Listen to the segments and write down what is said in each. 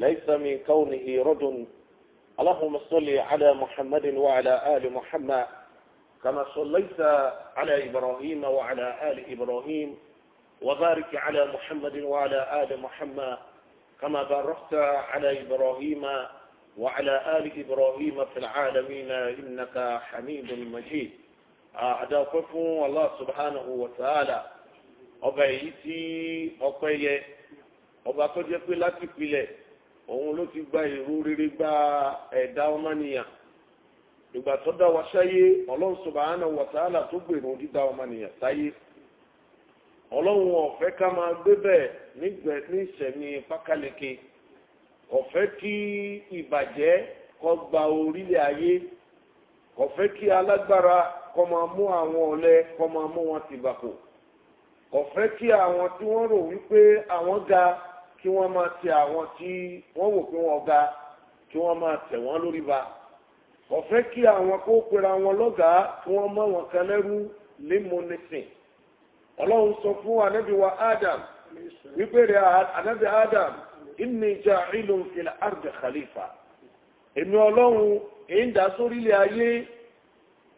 ليس من كونه رد اللهم صل على محمد وعلى آل محمد كما صليت على إبراهيم وعلى آل إبراهيم وبارك على محمد وعلى آل محمد كما باركت على إبراهيم وعلى آل إبراهيم في العالمين إنك حميد مجيد أدعوكم الله سبحانه وتعالى ọba èyí tí ọpẹ́ òun ló ti gba èrò rere gba ẹ̀dá ọmọnìyàn ìgbà tó dá wa sáyé ọlọ́run subhanahu wa ta'ala tó gbèrò dídá ọmọnìyàn sáyé ọlọ́run ọ̀fẹ́ ká máa gbé bẹ́ẹ̀ nígbẹ́ níṣẹ̀mí pákáleke ọ̀fẹ́ kí ìbàjẹ́ kó gba orílẹ̀ ayé ọ̀fẹ́ kí alágbára kó máa mú àwọn ọ̀lẹ kó máa mú wọn tìbàkù ọ̀fẹ́ kí àwọn tí wọ́n rò wípé àwọn ga kí wọ́n máa tẹ àwọn tí wọ́n wò pé wọ́n ga kí wọ́n máa tẹ̀ wọ́n lórí ba ọ̀fẹ́ kí àwọn kó pera wọn lọ́gàá kí wọ́n mọ wọn kan lẹ́rú lémọ́nẹ́sìn ọlọ́run sọ fún anábì wa adam wípé rẹ̀ anábì adam inni ja'ilun fil ardi khalifa èmi ọlọ́run èyí ń dá sórí ilé ayé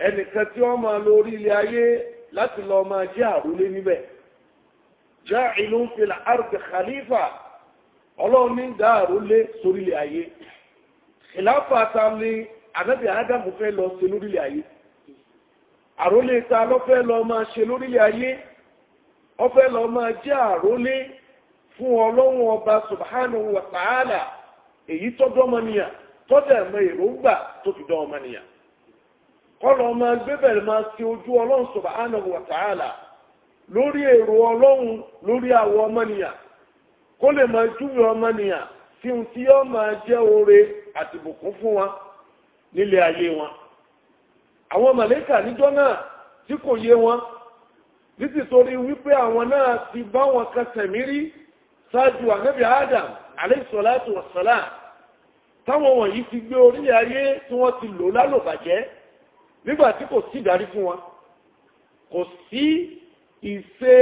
ẹnìkan tí wọ́n máa lo orí ilé ayé láti lọ́ọ́ máa jẹ́ àrólé níbẹ̀ ja'ilun fil ardi khalifa. ọlọ́run ní dáàrú lé sórílẹ̀ ayé ìlàáfà ta ni ànábì ádámù fẹ́ lọ ṣe lórílẹ̀ ayé àrólé ta ló fẹ́ lọ máa ṣe lórílẹ̀ ayé ọfẹ́ lọ máa jẹ́ àrólé fún ọlọ́run ọba subhanahu wa ta'ala èyí tọ́jọ́ ẹ̀mọ tó fi dán kọ́lọ̀ ọmọ máa ojú ọlọ́run wa ta'ala lórí èrò ọlọ́run lórí kó lè máa júwe ọmọnìyàn tí ohun tí yóò máa jẹ́ oore àti bùkún fún wọn nílé ayé wọn àwọn màlẹ́kà níjọ́ náà tí kò yé wọn nítorí wípé àwọn náà ti bá wọn kan tẹ̀mí rí ṣáájú ànábì Adam alayhi salatu táwọn wọ̀nyí ti gbé orílẹ̀ ayé tí wọ́n ti lò lálòbàjẹ́ nígbà tí kò sí ìdarí fún wọn kò sí ìṣe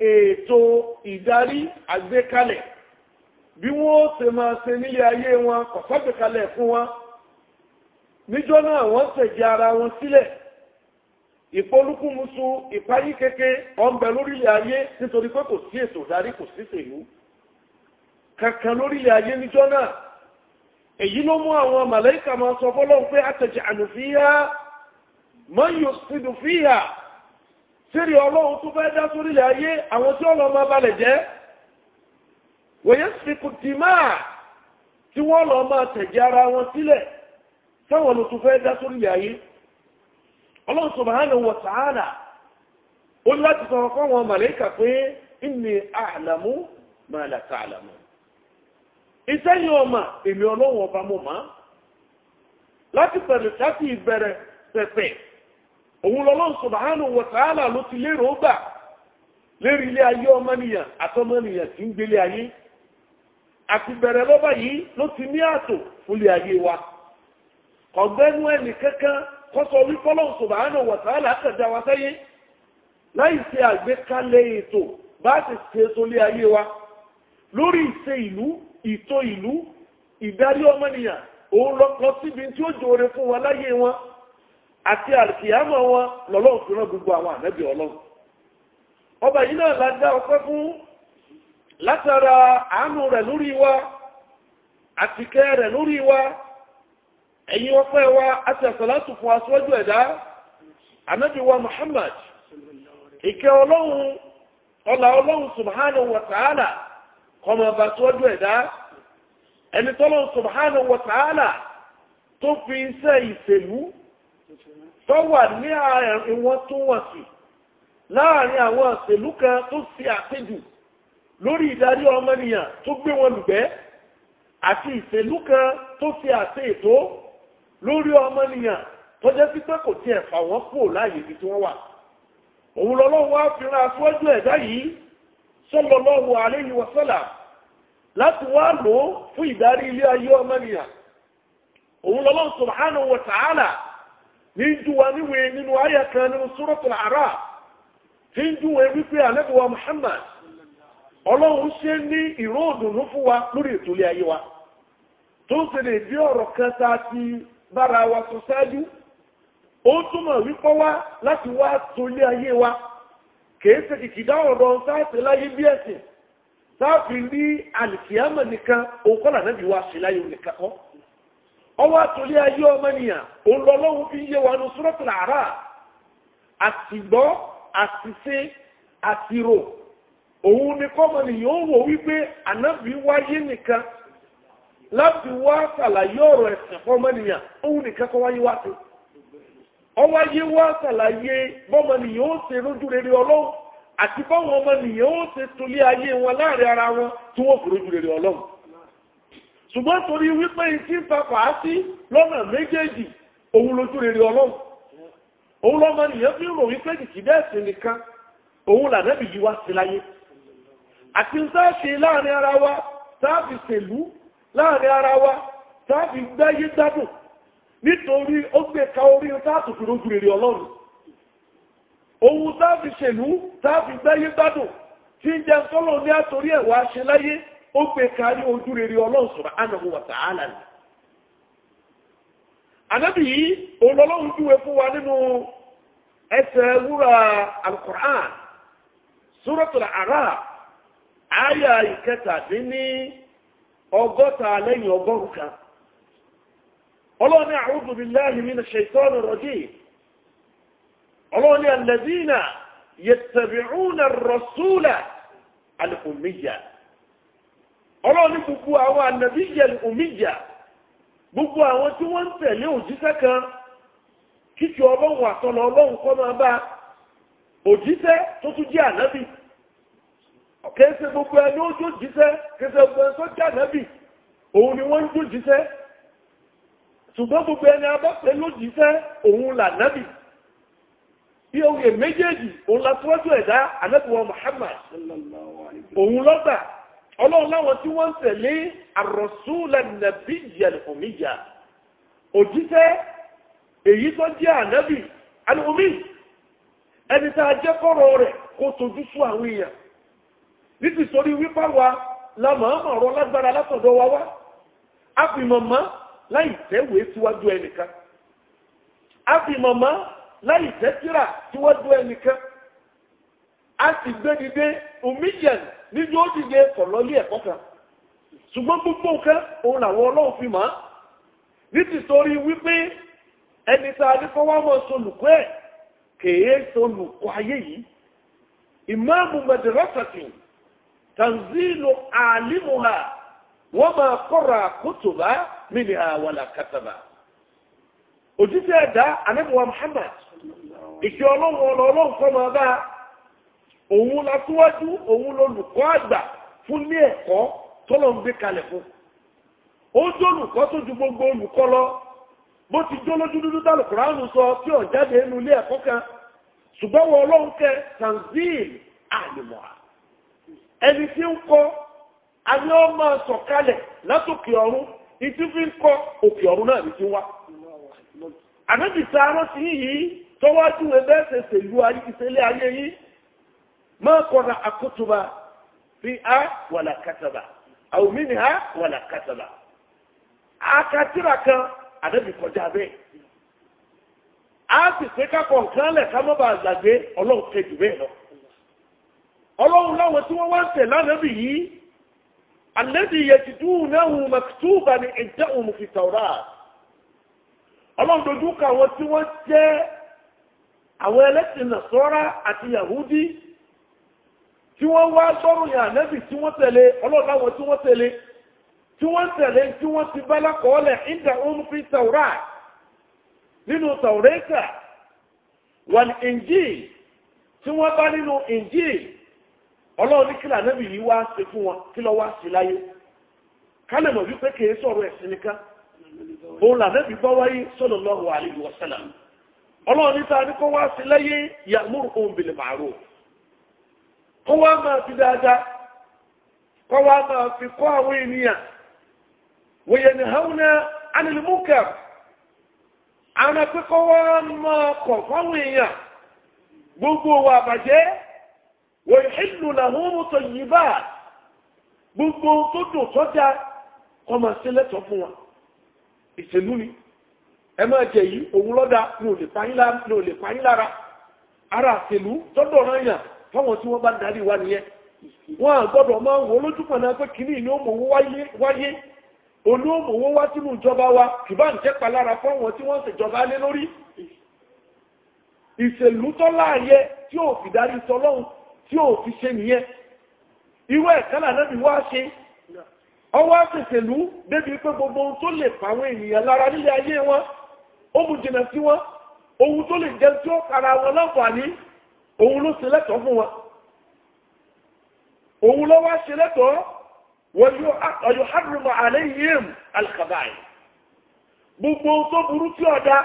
ètò ìdarí àgbékalẹ̀ bí wọ́n ṣe máa ṣe nílé ayé wọn kọ̀sọ́gbékalẹ̀ fún wọn níjọ́ náà wọ́n ṣẹ̀jẹ̀ ara wọn sílẹ̀ ìpolúkúmusu ìpayí kéke ọ̀nbẹ lórílẹ̀ ayé nítorí pé kò sí ètò ìdarí kò sí ṣèlú kankan lórílẹ̀ ayé níjọ́ náà èyí ló mú àwọn màlẹ́kà máa sọ fọ́lọ́hun pé àtẹ̀jẹ̀ ànùfíà man yusidu tíri ọlọ́run tó fẹ́ dá sórí ilẹ̀ ayé àwọn tí ọlọ́run máa balẹ̀ jẹ́ wòye sìnkú dìmáà tí wọ́n lọ máa tẹ̀jẹ́ ara wọn sílẹ̀ sáwọn ló fẹ́ dá sórí ilẹ̀ ayé ọlọ́run subhanahu wa ta'ala ó láti fún àwọn màlẹ́kà pé iṣẹ́ yìí ọmọ èmi òun lọ́lọ́run subhanahu n'otu ta'ala ló ti lérò ó gbà lérí ilé ayé ọmọnìyàn àtọmọnìyàn tí ń gbélé ayé àti bẹ̀rẹ̀ ti ní ààtò ayé wa kọ̀gbẹ́nu ẹnì kankan kọ́sọ̀ orí wa ta'ala àtẹ̀dá wa sáyé láì ṣe àgbékalẹ̀ ètò bá ti ṣe wa lórí ìṣe ìlú ìtò ìlú ìdarí ọmọnìyàn òun lọ síbi tí ó jòrè fún wa láyé wọn àti àkìyàmọ̀ wọn lọ́lọ́run fi rán gbogbo àwọn ànábì ọlọ́run ọba yìí náà la ọpẹ́ fún látara àánú rẹ̀ lórí wa àtìkẹ́ rẹ̀ lórí wa ẹ̀yin ọpẹ́ wa àti àsàlátù fún aṣọ́jú ẹ̀dá ànábì wa Muhammad ìkẹ́ ọlọ́run ọlá ọlọ́run subhanahu wa ta'ala kọmọ bá ẹ̀dá ẹni tọ́lọ́run subhanahu wa ta'ala tó tó wà ní ìwọ̀n tó wọ̀n sí láàrin àwọn òṣèlú kan tó ṣe àpéjù lórí ìdarí ọmọnìyàn tó gbé wọn lùgbẹ́ àti ìṣèlú kan tó ṣe àṣẹ ètò lórí ọmọnìyàn tó jẹ́ sí pé kò tiẹ̀ fà wọ́n kúrò láàyè ibi tí wọ́n wà òun lọ́lọ́run fi rán aṣíwájú ẹ̀dá yìí sallallahu alayhi wa láti wá lò fún ìdarí ilé ayé ọmọnìyàn òun lọ́lọ́run subhanahu wa ta'ala ní juwa níwe nínú àyà kan nínú suratul A'raf tí ń juwe wípé ànábìwa Muhammad ọlọ́run ṣe ní ìró òdùnnú fún wa lórí ìtòlé ayé wa tó ń ṣẹlẹ̀ bí ọ̀rọ̀ kan ta ti bára wa sọ ṣáájú ó túmọ̀ wípọ́ wá láti wá tòlé ayé wa kìí ṣe kìkìdá ọ̀rọ̀ sáàtì láyé bí ẹ̀sìn sáàfin ní àlìkìyàmọ̀ nìkan òun kọ́ lànà wa ṣe láyé nìkan kọ́ ọwọ́ àtòlé ayé ọmọnìyàn òǹlọ́lọ́wọ́ fi yé wa ní suratul A'raf àtìgbọ́ àtìṣe àtìrò òun ni kọ́mọnìyàn ó wò wípé ànábì wáyé nìkan láti wá ṣàlàyé ọ̀rọ̀ ẹ̀sìn fọ́mọnìyàn òun nìkan kọ́ wáyé wá sí ọwọ́ ayé wá ṣàlàyé bọ́mọnìyàn ó ṣe lójú rere ọlọ́run àti báwọn ọmọnìyàn ó ṣe tolé ayé wọn láàrin ara wọn tí wọ́n fi rere ọlọ́run ṣùgbọ́n torí wípé ìtí papà á sí lọ́nà méjèèjì òun lójú rere ọlọ́run òun lọ́mọ nìyẹn fi ń rò wípé jìkì bẹ́ẹ̀ nìkan òun lànẹ́bì yí sí láyé àti ń láàrin ara wa sáàbì ṣèlú láàrin ara wa sáàbì gbáyé gbádùn nítorí ó gbé ka orí sáàtù fi lójú rere ọlọ́run òun sáàbì ṣèlú sáàbì gbáyé gbádùn tí ń jẹun tọ́lọ́ ní àtòrí ẹ̀wà ṣe ó gbé kárí ojú rere ọlọ́run subhanahu wa ta'ala ni ànábì yìí olọ́lọ́run júwe fún wa nínú ẹsẹ̀ wúrà alukur'an suratul A'raf àyà ìkẹtàdínní ọgọ́ta lẹ́yìn ọgọ́rùn kan ọlọ́run ní a'udhu billahi minash shaitanir rajim ọlọ́run ní alladhina yattabi'una ar ọlọ́run ní gbogbo àwọn ànàbí yẹn òmíjà gbogbo àwọn tí wọ́n ń tẹ̀lé òjíṣẹ́ kan kíkì ọlọ́run àtọ̀nà ọlọ́run kọ́ máa bá òjíṣẹ́ tó tún jẹ́ ànábì kẹsẹ̀ gbogbo ẹni ó jó jíṣẹ́ kẹsẹ̀ gbogbo ẹni tó jẹ́ ànábì òun ni wọ́n ń jó jíṣẹ́ ṣùgbọ́n gbogbo ẹni abọ́pẹ́ ló jíṣẹ́ òun là nábì bí oyè méjèèjì òun la tọ́jú ẹ̀dá ànábì wa Muhammad òun lọ́gbà ọlọ́run láwọn tí wọ́n ń tẹ̀lé àròsúlẹ̀ nàbí yẹlùmíyà òjíṣẹ́ èyí tó jẹ́ ànábì alùmí ẹni tá a jẹ́ kọ́rọ̀ rẹ̀ kó tojú fún àwọn èèyàn nítorí wípá wa la màámọ̀ ọ̀rọ̀ lágbára látọ̀dọ̀ wa wá a fi mọ̀mọ́ láì tẹ́wèé síwájú ẹnìkan a fi mọ̀mọ́ láì tẹ́tíra síwájú ẹnìkan a sì gbé dìde omíyàn níbi ó dìde kọ̀ kọta. ẹ̀kọ́ kan ṣùgbọ́n gbogbo nǹkan òun làwọn ọlọ́run fi máa wípé ẹni tá a ní kee wá mọ́ solùkọ́ ẹ̀ kèé solùkọ́ ayé yìí ìmáàmù madrasatin tanzilu alimuha wọ́n máa kọ́ra kataba òjíṣẹ́ ẹ̀dá Muhammad ìṣẹ́ ọlọ́run ọlọ́run máa bá a. òun la síwájú òun lolùkọ́ àgbà fún ní ẹ̀kọ́ tọ́lọ̀ ń gbé kalẹ̀ fún ó jó olùkọ́ tó ju gbogbo olùkọ́ lọ bó ti jó lójú dúdú tálùkùránù sọ tí ò jáde nínú ilé ẹ̀kọ́ kan ṣùgbọ́n wọn ọlọ́run kẹ tanzil àlùmọ́à ẹni tí ń kọ́ àní ó máa sọ̀kalẹ̀ látòkè ọ̀run ìtú fi ń kọ́ òkè ọ̀run náà ní ti wá àdébìsá aránsìn yìí tọ́wájú ẹgbẹ́ ṣẹṣẹ ìlú ayé ayé yìí ما قرأ كتب فيها ولا كتب أو منها ولا كتب akatira kan a kọjá bẹ́ẹ̀ a ka pé kápọ̀ nǹkan lẹ̀ ká má bàa gbàgbé ọlọ́run kejì bẹ́ẹ̀ lọ ọlọ́run láwọn tí wọ́n wá na tẹ̀ lánàbì yìí ànábì yajidunahu maktuban ní fi tawrat ọlọ́run dojú kọ àwọn tí wọ́n jẹ́ àwọn na nàṣọ́ra ati yahudi tí wọ́n wá gbọ́rù yà nẹ́bì tí wọ́n tẹ̀lé ọlọ́láwọ̀ tí wọ́n tẹ̀lé tí wọ́n tẹ̀lé tí wọ́n ti bá lákọọ́lẹ̀ ìdá oun um fi tàwrà nínú tàwrẹ́kà wọn ìnjí tí wọ́n bá nínú ìnjí ọlọ́run ní kílà nẹ́bì yìí wá ṣe fún wọn kí lọ sí láyé kálẹ̀ mọ̀ wípé kìí sọ̀rọ̀ ẹ̀sìn nìkan òun là nẹ́bì wáyé ó wá máa fi dáadáa kọ́ wá máa fi kọ́ àwọn ènìyàn wòye ní haúnà na àwọn akẹ́kọ̀ọ́ wá máa kọ̀ fáwọn èèyàn gbogbo wa bàjẹ́ wòye ìlú làwọn gbogbo tó dùn tọ́já kọ́ máa ṣe lẹ́tọ̀ fún wa ìṣèlú ni ẹ máa jẹ yìí òun fáwọn tí wọ́n bá darí wa nìyẹn wọ́n á gbọ́dọ̀ máa wọ lójúmọ̀ náà pé kìíní ni ó mọ̀ owó wáyé olóòmòwó wá sínú ìjọba wa kìbá ń jẹ́pa lára fáwọn tí wọ́n ṣèjọba lé lórí ìṣèlú tó láàyè tí ò fi darí tọlọ́hun tí ò fi ṣe nìyẹn irú ẹ̀kánà lẹ́bí wá ṣe ọwọ́ àṣẹṣèlú débi pé gbogbo ohun tó lè fàwọn ènìyàn lára nílé ayé wọn ó mú jìnà sí wọn ohun tó lè jẹ tí ó kara wọn láǹfààní òun ló ṣe lẹ́tọ̀ọ́ fún wa òun ló wá ṣe lẹ́tọ̀ọ́ wọ́n yóò hàrùmọ̀ àlẹ́yìn alkàbáyì gbogbo tó burú tí ọ̀dá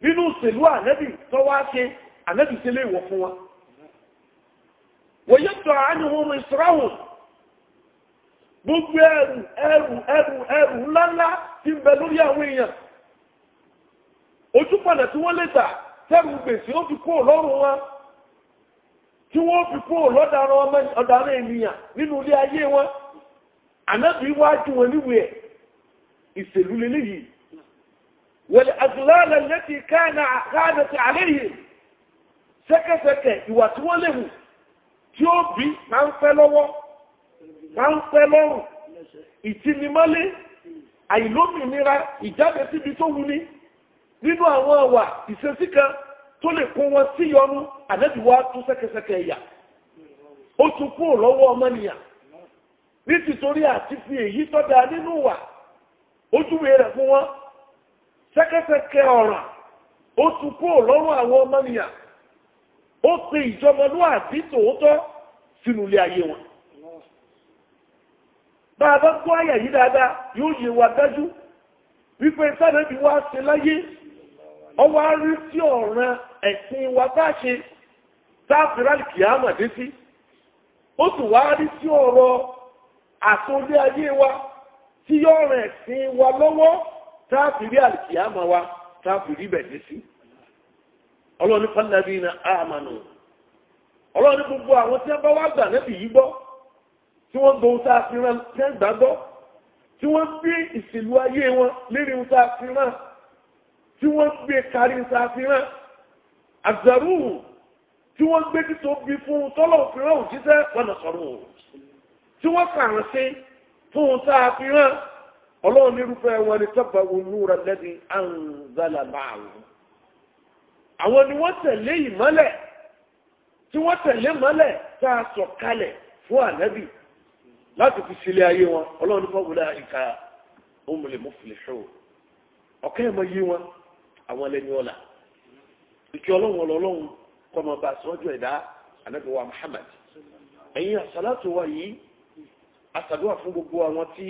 nínú ìṣèlú ànẹ́bì tó wá ṣe ànẹ́bì sílé ìwọ̀ fún wa wọ́n yóò tọ́ àánihun ìsìráhùn gbogbo ẹrù ẹrù ẹrù ẹrù ńláńlá tí bẹ lórí àwọn èèyàn ojú tí wọ́n lè tà tẹ́rù gbèsè ó fi kó lọ́rùn wọn tí wọ́n fi kúrò lọ́dàrán ọ̀dàrán ènìyàn nínú ilé ayé wọn ànábì wájú wọn níwèé ìṣèlú lè níyì wal aghlal allati kanat alayhim sẹ́kẹ̀sẹ̀kẹ̀ ìwà tí wọ́n lè tí ó bí máa ń fẹ́ lọ́wọ́ máa ń fẹ́ lọ́rùn ìtinimọ́lé àìlómìnira ìjáde síbi tó wuni nínú àwọn àwà ìṣesí kan tó lè kó wọn sí ànábì wa tún sẹ́kẹsẹ́kẹ ẹ̀yà ó tún kúrò lọ́wọ́ mania. ní tìtorí àti fi èyí tọ́da nínú wà ó júwe rẹ̀ fún wọn sẹ́kẹsẹ́kẹ ọ̀ràn ó tún kúrò lọ́rùn àwọn ọmọnìyàn ó pe ìjọmọlúwàbí tòótọ́ sínú ilé ayé wọn bá a bá gbọ́ àyà yìí dáadáa yóò yé wa dájú wípé sáré bí wá ṣe láyé ọwọ́ á rí sí ọ̀ràn ẹ̀sìn wa bá ṣe táàfìrálì kìámà dé sí ó sì wá rí sí ọ̀rọ̀ àtúndé ayé wa tí yóò rìn ẹ̀sìn wa lọ́wọ́ táàfìrí àlìkìámà wa táàfìrí bẹ̀ dé sí ọlọ́ni pàdánù ní àmànù ọlọ́ni gbogbo àwọn tí wọ́n bá wá gbà nẹ́bì yìí gbọ́ tí wọ́n gbọ́ tá a fi tí wọ́n gbé ìṣèlú ayé wọn lérí tá tí wọ́n gbé kárí tá àgbàrú tí wọ́n gbé títò bí fún tọ́lọ̀ òjíṣẹ́ tí wọ́n kàrán sí fún un tá a fi rán ọlọ́run nírúfẹ́ wọn ni tọ́pọ̀ onúra lẹ́bi àwọn ni wọ́n tẹ̀lé ìmọ́lẹ̀ tí wọ́n tẹ̀lé mọ́lẹ̀ tá a kalẹ̀ fún láti fi sílé ayé wọn ọlọ́run ní wọlé ìka umul muflihun ọ̀kẹ́ yí kọmọ bá sọ́jọ́ ẹ̀dá ànábì Muhammad ẹ̀yìn àsàlátù wa yìí àsàdúwà fún gbogbo àwọn tí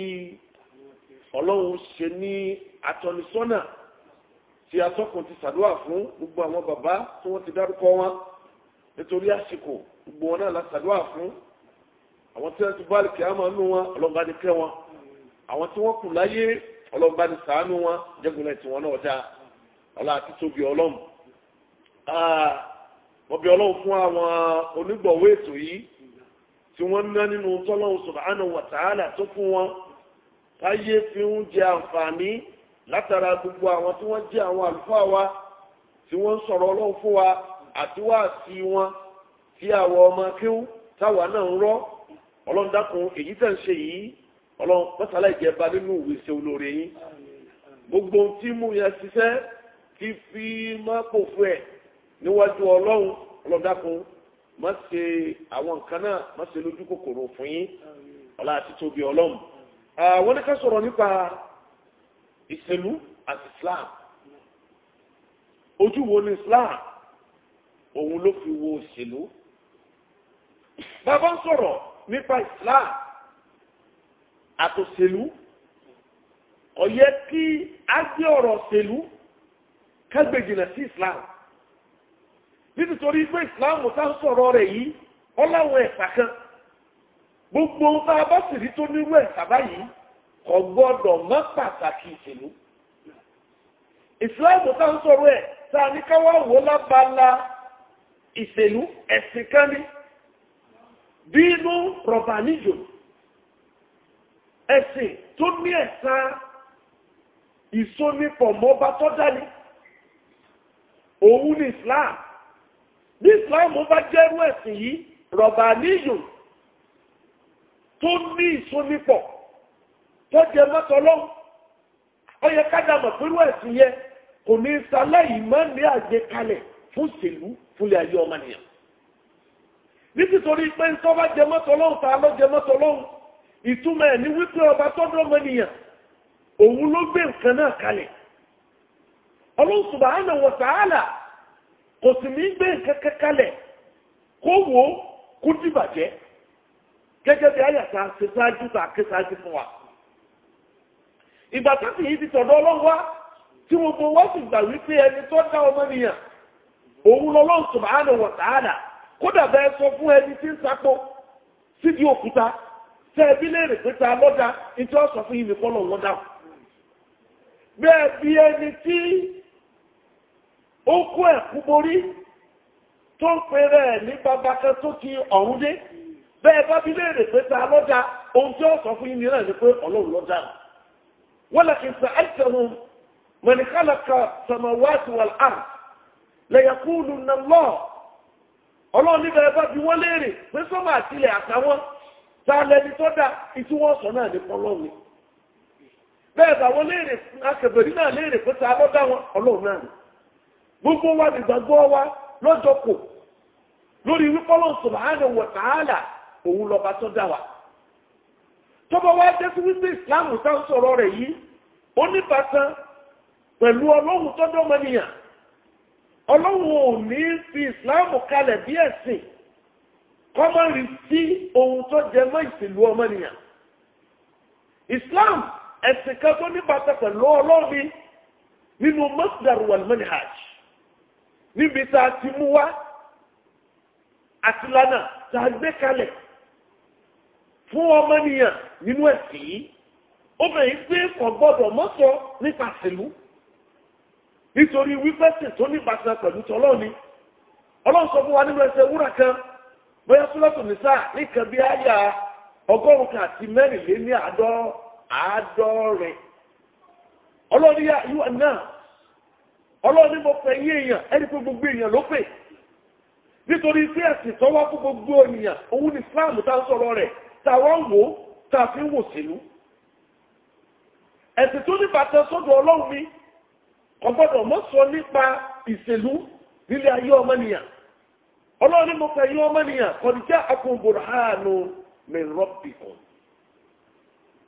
ọlọ́run ṣe ní atọ́nisọ́nà tí atọ́kùn ti sàdúwà fún gbogbo àwọn bàbá tí wọ́n ti dárúkọ wọn nítorí àsìkò gbogbo wọn náà la sàdúwà fún àwọn tí wọ́n ti bá àlùkè àmọ́ nù wọn ọlọ́ba ni kẹ́ wọn àwọn tí wọ́n kù láyé ọlọ́ba ni ṣàánú wọn jẹ́gunlẹ̀ tí wọ́n náà dáa ọlá àti tóbi ọlọ́mù ah, wọ́n bí ọlọ́run fún àwọn onígbọ̀wé ètò yìí tí wọ́n ná nínú tọ́lọ́run subhanahu wa ta'ala tó fún wọn táyé fi ń jẹ àǹfààní látara gbogbo àwọn tí wọ́n jẹ́ àwọn àlùfáà wa tí wọ́n ń sọ̀rọ̀ ọlọ́run fún wa àti wá sí wọn tí àwọn ọmọ kíw táwa náà ń rọ́ ọlọ́run dákun èyí tẹ̀ ń ṣe yìí ọlọ́run pẹ́sàlá ìjẹba nínú ìwé olóore yín gbogbo ohun tí mú yẹn ṣiṣẹ́ ti fi máa pò fún ẹ̀ níwájú ọlọ́run ọlọ́dàkùn má ṣe àwọn nǹkan náà má ṣe lójú kòkòrò fún yín ọlá àti tóbi ọlọ́run. àwọn ní ká sọ̀rọ̀ nípa ìṣèlú àti Islam ojú wo ni Islam òun ló fi wo òṣèlú bàbá ń sọ̀rọ̀ nípa Islam àtòṣèlú ó yẹ kí á gbé ọ̀rọ̀ òṣèlú ká sí Islam nítorí pé ìsìláàmù tá ń sọ̀rọ̀ rẹ̀ yìí ọláwọn ẹ̀sà kan gbogbo tá a bá sì rí tó nírú ẹ̀sà báyìí kò gbọ́dọ̀ má pàtàkì ìṣèlú ìsìláàmù tá ń sọ̀rọ̀ ẹ̀ tá a ní káwá wò lábala ìṣèlú ẹ̀sìn kan ní bínú rọ̀bà níjò ẹ̀sìn tó ní ẹ̀sà ìsónípọ̀ mọ́ba tó dání òun ní ìsìláàmù. bí ìsìláàmù bá jẹ́rú ẹ̀sìn yìí rọ̀bà níyùn tó ní ìsúnipọ̀ tó jẹ mọ́tọ́lọ́ ó yẹ kájà mọ̀ pẹ̀lú ẹ̀sìn yẹn kò ní sáláì má àgbékalẹ̀ fún ìṣèlú fúnlẹ̀ ayé ọmọnìyàn nítorí pé ń bá jẹ mọ́tọ́lọ́ ta ló jẹ mọ́tọ́lọ́ ní wípé ọba ọmọnìyàn òun ló gbé nǹkan náà kalẹ̀ kò sì ní gbé nǹkan kẹ́kálẹ̀ kó wo kó dìbàjẹ́ gẹ́gẹ́ bí àyàtà ṣe ṣáájú tà ké ṣáájú fún wa. ìgbà tó ti tọ̀dọ̀ ọlọ́wọ́ tí gbogbo wọ́n sì gbà wípé ẹni tó dá ọmọnìyàn òun lọ́lọ́run subhanahu wa ta'ala kódà bẹ́ẹ̀ sọ fún ẹni tí ń sapó sídìí òkúta tẹ́ ó kó ẹ̀kú borí tó ń pè rẹ̀ ní bàbá kan tó ti ọ̀run dé bẹ́ẹ̀ bá bí léèrè pé ta lọ́jà ohun tí ó sọ fún yín nìyẹn ni pé ọlọ́run lọ́jà wọ́n lè kí n sọ àìsàn من خلق السماوات والأرض ليقولن الله ọlọ́run níbẹ̀ bá bí wọ́n léèrè pé sọ́mà àtìlẹ̀ àtàwọn ta lẹni tó dá ìtú wọn sọ náà nípa ọlọ́run ni bẹ́ẹ̀ bá wọ́n léèrè akẹ̀bẹ̀rí náà léèrè pé ta wọn ọlọ́run náà gbogbo wa nìgbàgbọ́ wa lọ́jọ́pọ̀ lórí wípé Ọlọ́hun subhanahu wa ta'ala òun lọ́ba tó dá wa tọ́ba wa jẹ́ sí wípé ìsìláàmù tá ń sọ̀rọ̀ rẹ̀ yìí ó ní bàtán pẹ̀lú ọlọ́run tó dọ́mọnìyàn ọlọ́run ò ní fi ìsìláàmù kalẹ̀ bí ẹ̀sìn kọ́mọ́rì sí ohun tó jẹ mọ́ ìsìlú ọmọnìyàn ìsìláàmù ẹ̀sìn kan tó ní bàtán pẹ̀lú ọlọ́run nínú masdar wal manhaj níbi tá a ti mú wá àti fún ọmọnìyàn nínú ẹ̀sìn yìí obìnrin gbé kàn gbọ́dọ̀ mọ́sọ nípa sílù nítorí wípé tó níbàṣẹ pẹ̀lú tọ́lọ́ọ̀ni ọlọ́run sọ fún wa nínú ẹsẹ̀ wúrà kan bóyá nìsá nìkan bí àyà ọgọ́rùn-ún kan àti ọlọ́run yúwa ọlọ́run ní mo pè yí èèyàn ẹni pé gbogbo èèyàn ló pè nítorí pé ẹ̀sìn tó wá fún gbogbo ènìyàn òun ni Islam tá ń sọ̀rọ̀ rẹ̀ tá wá ń wò tá fi ń wò sílú ẹ̀sìn tó ní bàtà sọ́dọ̀ ọlọ́run ni kò gbọ́dọ̀ mọ́ sọ nípa ìṣèlú nílé ayé ọmọnìyàn ọlọ́run mo pè yí ọmọnìyàn kọ̀díjà akọ̀ǹbòrò àánú mi rọ́bìkan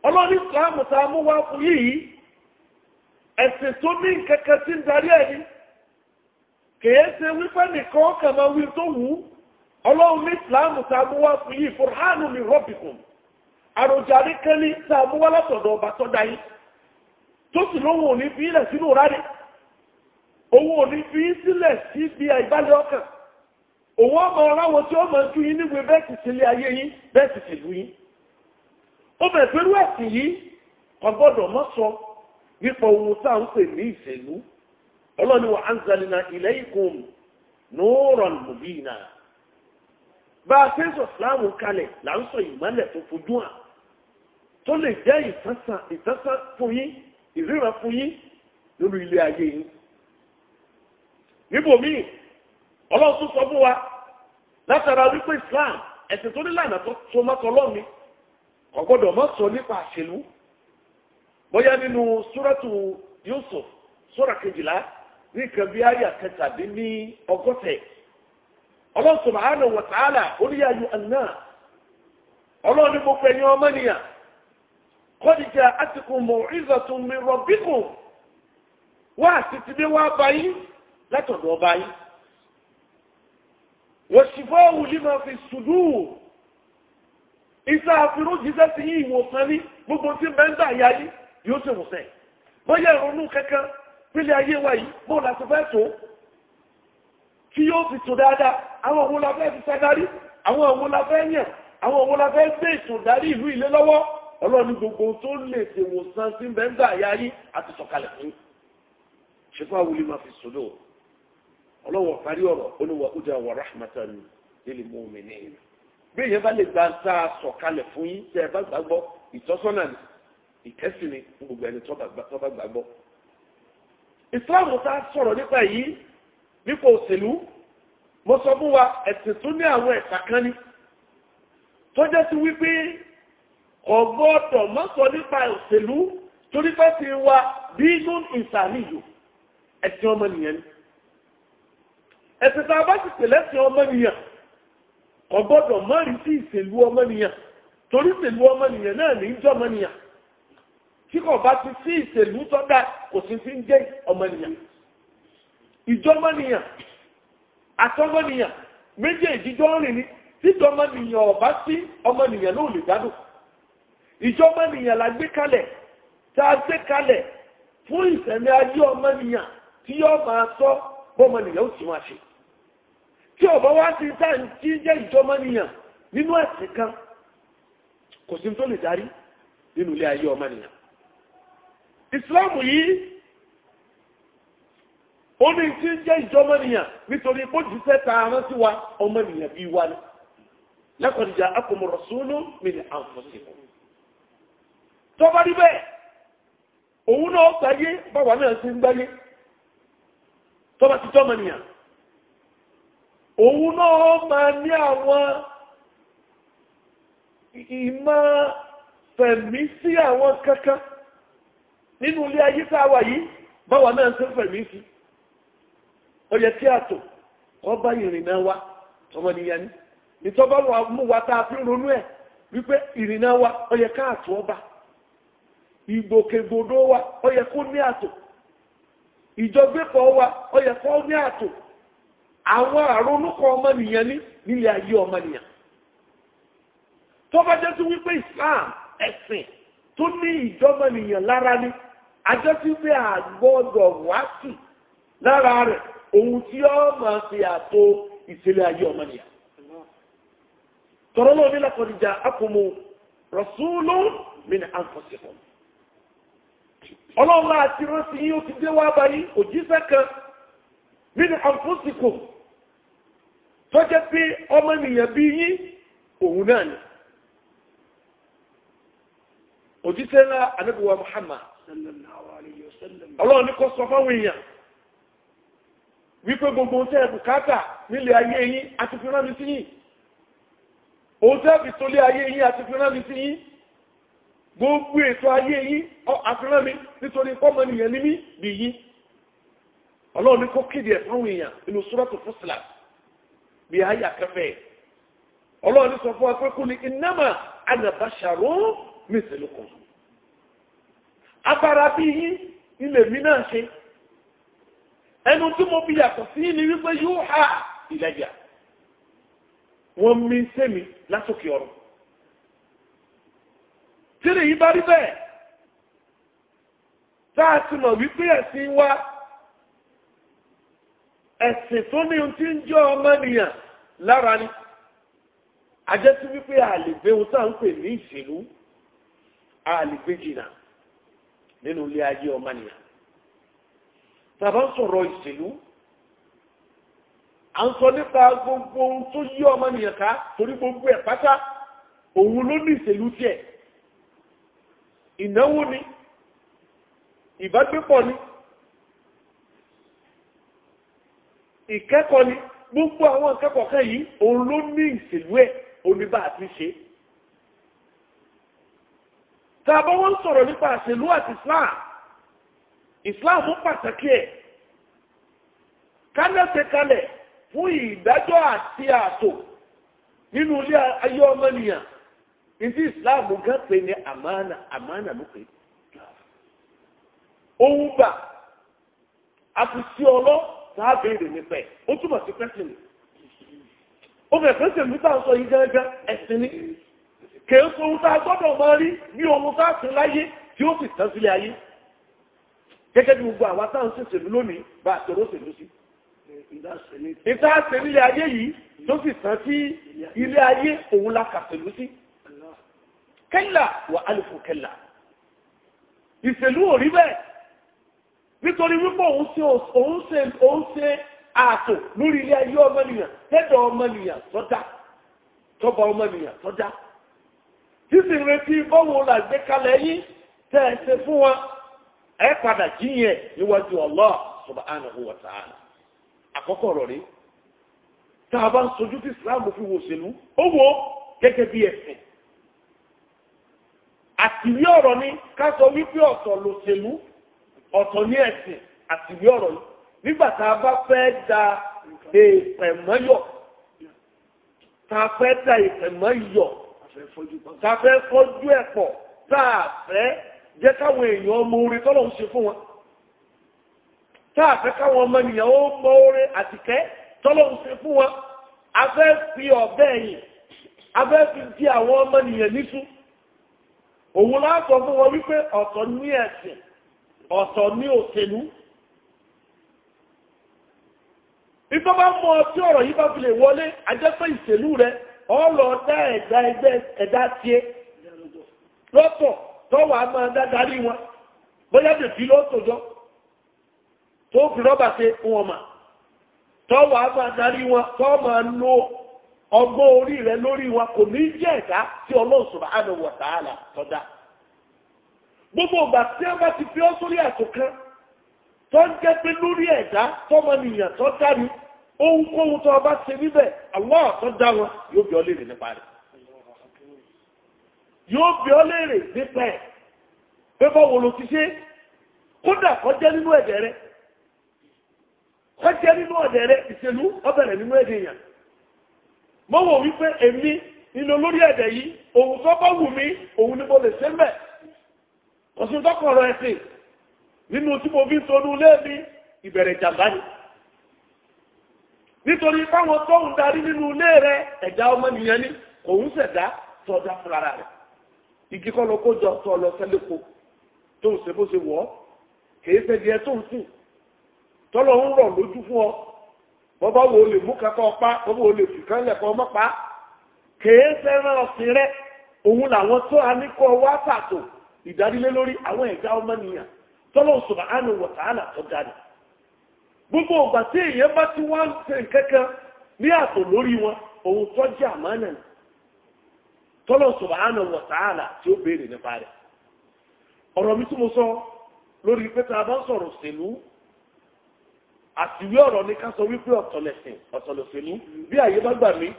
ọlọ́run Islam tá mú wá fún yìí ẹ̀sìn tó ní kẹ̀kẹ́ sí ń darí ẹ̀yìn kìí ṣe wípé nìkan kà wí tó wù ọlọ́run ní ìsìláàmù sàmúwá fún yìí fòránù mi rọ́bìkùn àròjàrí kẹ́lí sàmúwá látọ̀dọ̀ ọba tó dá tó sì lóhun òní fi ilẹ̀ sínú rárẹ̀ òun òní fi sílẹ̀ sí bí àìbálẹ̀ ọkàn òun ọmọ ọláwọ tí ó máa ń yín níwèé bẹ́ẹ̀ sì sílé ayé yín bẹ́ẹ̀ sì yín nípa ohun tá à ń pè ní ìṣèlú ọlọ́ni wa anzalina ilaykum nuran mubina bá a fẹ́ sọ fúláàmù kalẹ̀ là ń sọ ìmọ́lẹ̀ tó fojú hàn tó lè jẹ́ ìtọ́sán fún yín ìríran fún yín lórí ilé ayé yín níbo míì ọlọ́run tún sọ fún wa látara wípé Islam ẹ̀sìn tó nílànà tó so mọ́tò ọlọ́run ni kò nípa àṣèlú bóyá nínú súrọ́tù Yusuf súrà kejìlá ní nǹkan bí ayà kẹtàdé ní ọgọ́tẹ̀ Allah subhanahu wa ta'ala oníyàyò àná ọlọ́run ní gbogbo ẹ̀yin ọmọnìyàn qad ja'atkum maw'izatun min rabbikum wá àti tìbí wá báyìí látọ̀dọ̀ ọba yìí wọ̀ṣìfọ́ọ̀wù lima fi sudur ìsá àfirú sí ìwòsàn ní gbogbo tí mẹ́ńdà yá yìí yóò ṣe wòsàn bóyá ìrònú kankan pílẹ̀ ayé wa yìí bó la ti fẹ́ tó kí yóò fi tó dáadáa àwọn òun la fẹ́ fi sẹ́dárí àwọn òun la fẹ́ yàn àwọn òun la fẹ́ gbé ìtòdárí ìlú ilé lọ́wọ́ ọlọ́ni gbogbo tó lè ṣe wòsàn sí bẹ́ńgà ayá yìí àti sọ̀kalẹ̀ fún ṣùgbọ́n àwùlí máa fi sòdò ọlọ́wọ́ parí ọ̀rọ̀ oníwà ó jẹ́ wà rahmatan lil mu'minin bí èèyàn bá lè gba sáà sọ̀kalẹ̀ fún yín tẹ́ ẹ bá gbàgbọ́ ìtọ́sọ́nà ni ìkẹ́sìn ni fún gbogbo ẹni tó bá gbàgbọ́ islam ta sọ̀rọ̀ nípa yìí nípa òṣèlú mo sọ fún wa ẹ̀sìn tún ní àwọn ẹ̀ka kan ni tó jẹ́ sí wípé ọgbọ́ọ̀tọ̀ má sọ nípa òṣèlú torí pé ti wa bígún ìsàlìyò ẹ̀sìn ọmọnìyàn ni ẹ̀sìn tá a bá sì pèlẹ́ sí ọmọnìyàn ọgbọ́ọ̀tọ̀ má rí sí ìṣèlú ọmọnìyàn torí ìṣèlú ọmọnìyàn náà ní í ọmọnìyàn tí kò bá ti sí ìṣèlú tọ́dá kò sí fi ń jẹ́ ọmọnìyàn ìjọmọnìyàn àtọmọnìyàn méjèèjì jọ rìn ní títọmọnìyàn ọ̀bá sí ọmọnìyàn ló lè dádùn ìjọmọnìyàn la gbé kalẹ̀ tá a gbé kalẹ̀ fún ìṣẹ̀lẹ̀ ayé ọmọnìyàn tí yóò máa sọ bọ́mọnìyàn ó sì máa ṣe tí ọ̀bá wá sí sáà tí jẹ́ ìjọmọnìyàn nínú ẹ̀sìn kan kò sí tó lè darí nínú ilé ayé ọmọnìyàn ìsìláàmù yìí ó ní tí ń jẹ́ ìjọmọ́nìyàn nítorí bó ti fẹ́ ta aran sí wa ọmọnìyàn bí wa ni laqad ja'akumur rasulun min anfusikum tọ́ba rí bẹ́ẹ̀ òun náà gbáyé báwa náà sí ń gbáyé tọ́ba ti jọmọ́nìyàn òun náà máa ní àwọn ìmọ̀ fẹ̀mí sí àwọn kankan nínú ilé ayé tá a yìí báwa náà ṣe ń fẹ̀mí sí ọyẹ yẹ àtò kọ́ bá ìrìnà wa ọmọnìyà ni ìtọ́bá mú wa tá a fi ronú wípé ìrìnà wa ọyẹ yẹ ọba ìgbòkègbodò wa kó ní àtò wa ó ní àtò àwọn àrónúkọ ọmọnìyàn nílé ayé ọmọnìyàn jẹ́ sí wípé Islam ẹ̀sìn tó a tí pé àgbọ́dọ̀ wá sí lára rẹ̀ ohun tí ó ma fi àtò ìṣẹ̀lẹ̀ ayé ọmọnìyà tọ̀rọ̀ náà nílẹ̀ kọ̀dìjà akọ̀mọ̀ rọ̀súlù min anfusikum ọlọ́run àti rántí yín ti dé kan min anfusikum tó jẹ́ pé ọmọnìyàn bí òun náà ni ńlá Muhammad ọlọ́run ní kó sọ fáwọn èèyàn wípé gbogbo tẹ́ bùkátà nílé ayé yín àti fi rán mi sí yín òun tẹ́ fi tólé ayé yín àti fi rán mi sí yín gbogbo ètò ayé yín àfihàn mi nítorí pọ́mọ nìyàn ní mí bí yí ọlọ́run ní kó kéde ẹ̀ fún èèyàn inú suratul Fussilat bí àyà kẹfẹ́ ọlọ́run ní sọ fún wa pé kú ni innama ana basharun mithlukum agbára bí yín ilẹ̀ mi náà ṣe ẹnu tí mo fi yàtọ̀ sí ni wípé yóò ha ìlẹ́jà wọ́n mi sẹ́mi látòkè ọ̀run tíri yìí bá rí bẹ́ẹ̀ táà ti mọ̀ wípé ẹ̀sìn wa ẹ̀sìn tó ní ohun tí ń jọ ọmọnìyàn lára ni ajẹ́sí wípé a ohun tá à ń pè ní ìṣèlú a jìnnà nínú ilé ayé ọmọnìyàn tàbá ń sọ̀rọ̀ ìṣèlú à ń sọ nípa gbogbo ohun tó yí ọmọnìyàn ká torí gbogbo ẹ̀ pátá òun ló ní ìṣèlú tiẹ̀ ìnáwó ni ìbágbépọ̀ ni ìkẹ́kọ̀ọ́ ni gbogbo àwọn ìkẹ́kọ̀ọ́ kan yìí òun ló ní ìṣèlú ẹ̀ oníbà àti ṣe é tàbá wọ́n sọ̀rọ̀ nípa àṣèlú àti islam islam pàtàkì ẹ̀ kánẹ́sẹ̀ kalẹ̀ fún ìdájọ́ àti ààtò nínú ilé ayé ọmọnìyàn ìdí islam gan pé ní àmánà àmánà ló pé ohun gbà àtúnṣe ọlọ́ tàá béèrè nípa ẹ̀ ó túmọ̀ sí pẹ́sìn ó fẹ́ pẹ́sìn nípa sọ yìí gángan ẹ̀sìn ni kèé sọ ohun tá a gbọ́dọ̀ máa rí ní ohun tá a sin láyé tí ó sì tán sílé ayé gẹ́gẹ́ bí gbogbo àwa táwọn sì ṣèlú lónìí bá a tẹ̀rọ ṣèlú sí. ìta ṣe nílé ayé yìí tó sì tán sí ilé ayé òun la kà ṣèlú sí. kẹ́là wà alifu kẹ́là ìṣèlú ò rí bẹ́ẹ̀ nítorí wípé òun ṣe ààtò lórí ilé ayé ọmọnìyàn tẹ́dọ̀ ọmọnìyàn tọ́dá tọ́ba ọmọnìyàn tọ́dá tí sì retí bọ́wọ́ làgbékalẹ̀ yìí tẹ́ ẹ ṣe fún wa ẹ padà jíyẹn níwájú Allah subhanahu wa ta'ala àkọ́kọ́ ọ̀rọ̀ rí tá a bá ń sojú tí ìsìláàmù fi wò sínú ó wò ó gẹ́gẹ́ bí ẹ̀sìn àtìwí ọ̀rọ̀ ni ká sọ wípé ọ̀tọ̀ lòṣèlú ọ̀tọ̀ ní ẹ̀sìn àtìwí ọ̀rọ̀ ni nígbà tá a bá fẹ́ da èèpẹ̀ mọ́yọ̀ tá a fẹ́ da èèpẹ̀ mọ́yọ̀ tàfẹ́ fọ́jú ẹ̀pọ̀ tààfẹ́ jẹ́ káwọn èèyàn ọmọ orí tọ́lọ̀ ń ṣe fún wọn tààfẹ́ káwọn ọmọ ènìyàn ó mọ orí àtìkẹ́ tọ́lọ̀ ń ṣe fún wọn afẹ́ fi ọ̀bẹ ẹ̀yìn afẹ́ fi di àwọn ọmọ ènìyàn níṣu òun láàtọ̀ fún wọn wípé ọ̀tọ̀ ní ẹ̀sìn ọ̀tọ̀ ní òṣèlú ìtọ́ bá ọtí ọ̀rọ̀ yìí bá fi lè wọlé ajẹ́pẹ́ ìṣèlú rẹ̀ ọlọ dá ẹ̀dá ẹgbẹ́ ẹ̀dá tí é lọ́tọ̀ tọ́wà máa dádarí wọn bóyá dè fi lọ́tọ̀ jọ tó fi rọ́bà ṣe wọn mà tọ́wà máa wọn máa lo orí rẹ lórí wọn kò ní jẹ́ ẹ̀dá tí Ọlọ́hun subhanahu tọ́dá gbogbo ìgbà tí a bá ti fi ọ́ sórí tó ń jẹ́ pé lórí ohunkóhun tó ọba ṣe wíbẹ̀ Allah tó dá yóò bi ọ́ léèrè nípa rẹ̀ yóò bi ọ́ léèrè nípa ẹ̀ pé báwo ló ti ṣe kódà kọjá nínú ẹ̀dẹ̀ rẹ̀ kọjá nínú ẹ̀dẹ̀ rẹ̀ ìṣèlú ọbẹ̀rẹ̀ nínú ẹ̀dẹ̀ mọ́ wò wípé èmi nínú ẹ̀dẹ̀ yìí òun tó bá wù mí òun ni mo lè ṣe mẹ́ nínú nítorí fáwọn tó ń darí nínú ilé rẹ ẹ̀dá ọmọnìyàn ni òun ṣẹ̀dá tọ́jà rẹ̀ igi kọ́ lọ tọ́ lọ sẹ́lẹ̀kọ tó ń ṣe bó ṣe wọ̀ ọ́ kèé ẹ tó ń sìn tọ́lọ̀ ń rọ̀ lójú fún ọ bọ́bá wo lè mú kankan pa bọ́bá wo lè fi kan lẹ̀kọ́ ọmọ pa kèé ọ̀sìn rẹ òun làwọn tó a ní kọ́ wá pàtó ìdarílé lórí àwọn ẹ̀dá gbogbo ọgbà tí èèyàn bá ti wá ń tẹ nǹkankan ní àtò lórí wọn òun tọ́jú àmánà tọ́lọ̀ subhanahu wa ta'ala tí ó béèrè nípa rẹ̀ ọ̀rọ̀ mi tí mo sọ lórí pé tá a bá ń sọ̀rọ̀ òṣèlú àtiwé ọ̀rọ̀ ni ká sọ wípé ọ̀tọ̀lẹ̀sìn ọ̀tọ̀lẹ̀sẹ̀lú bí àyè bá gbà mí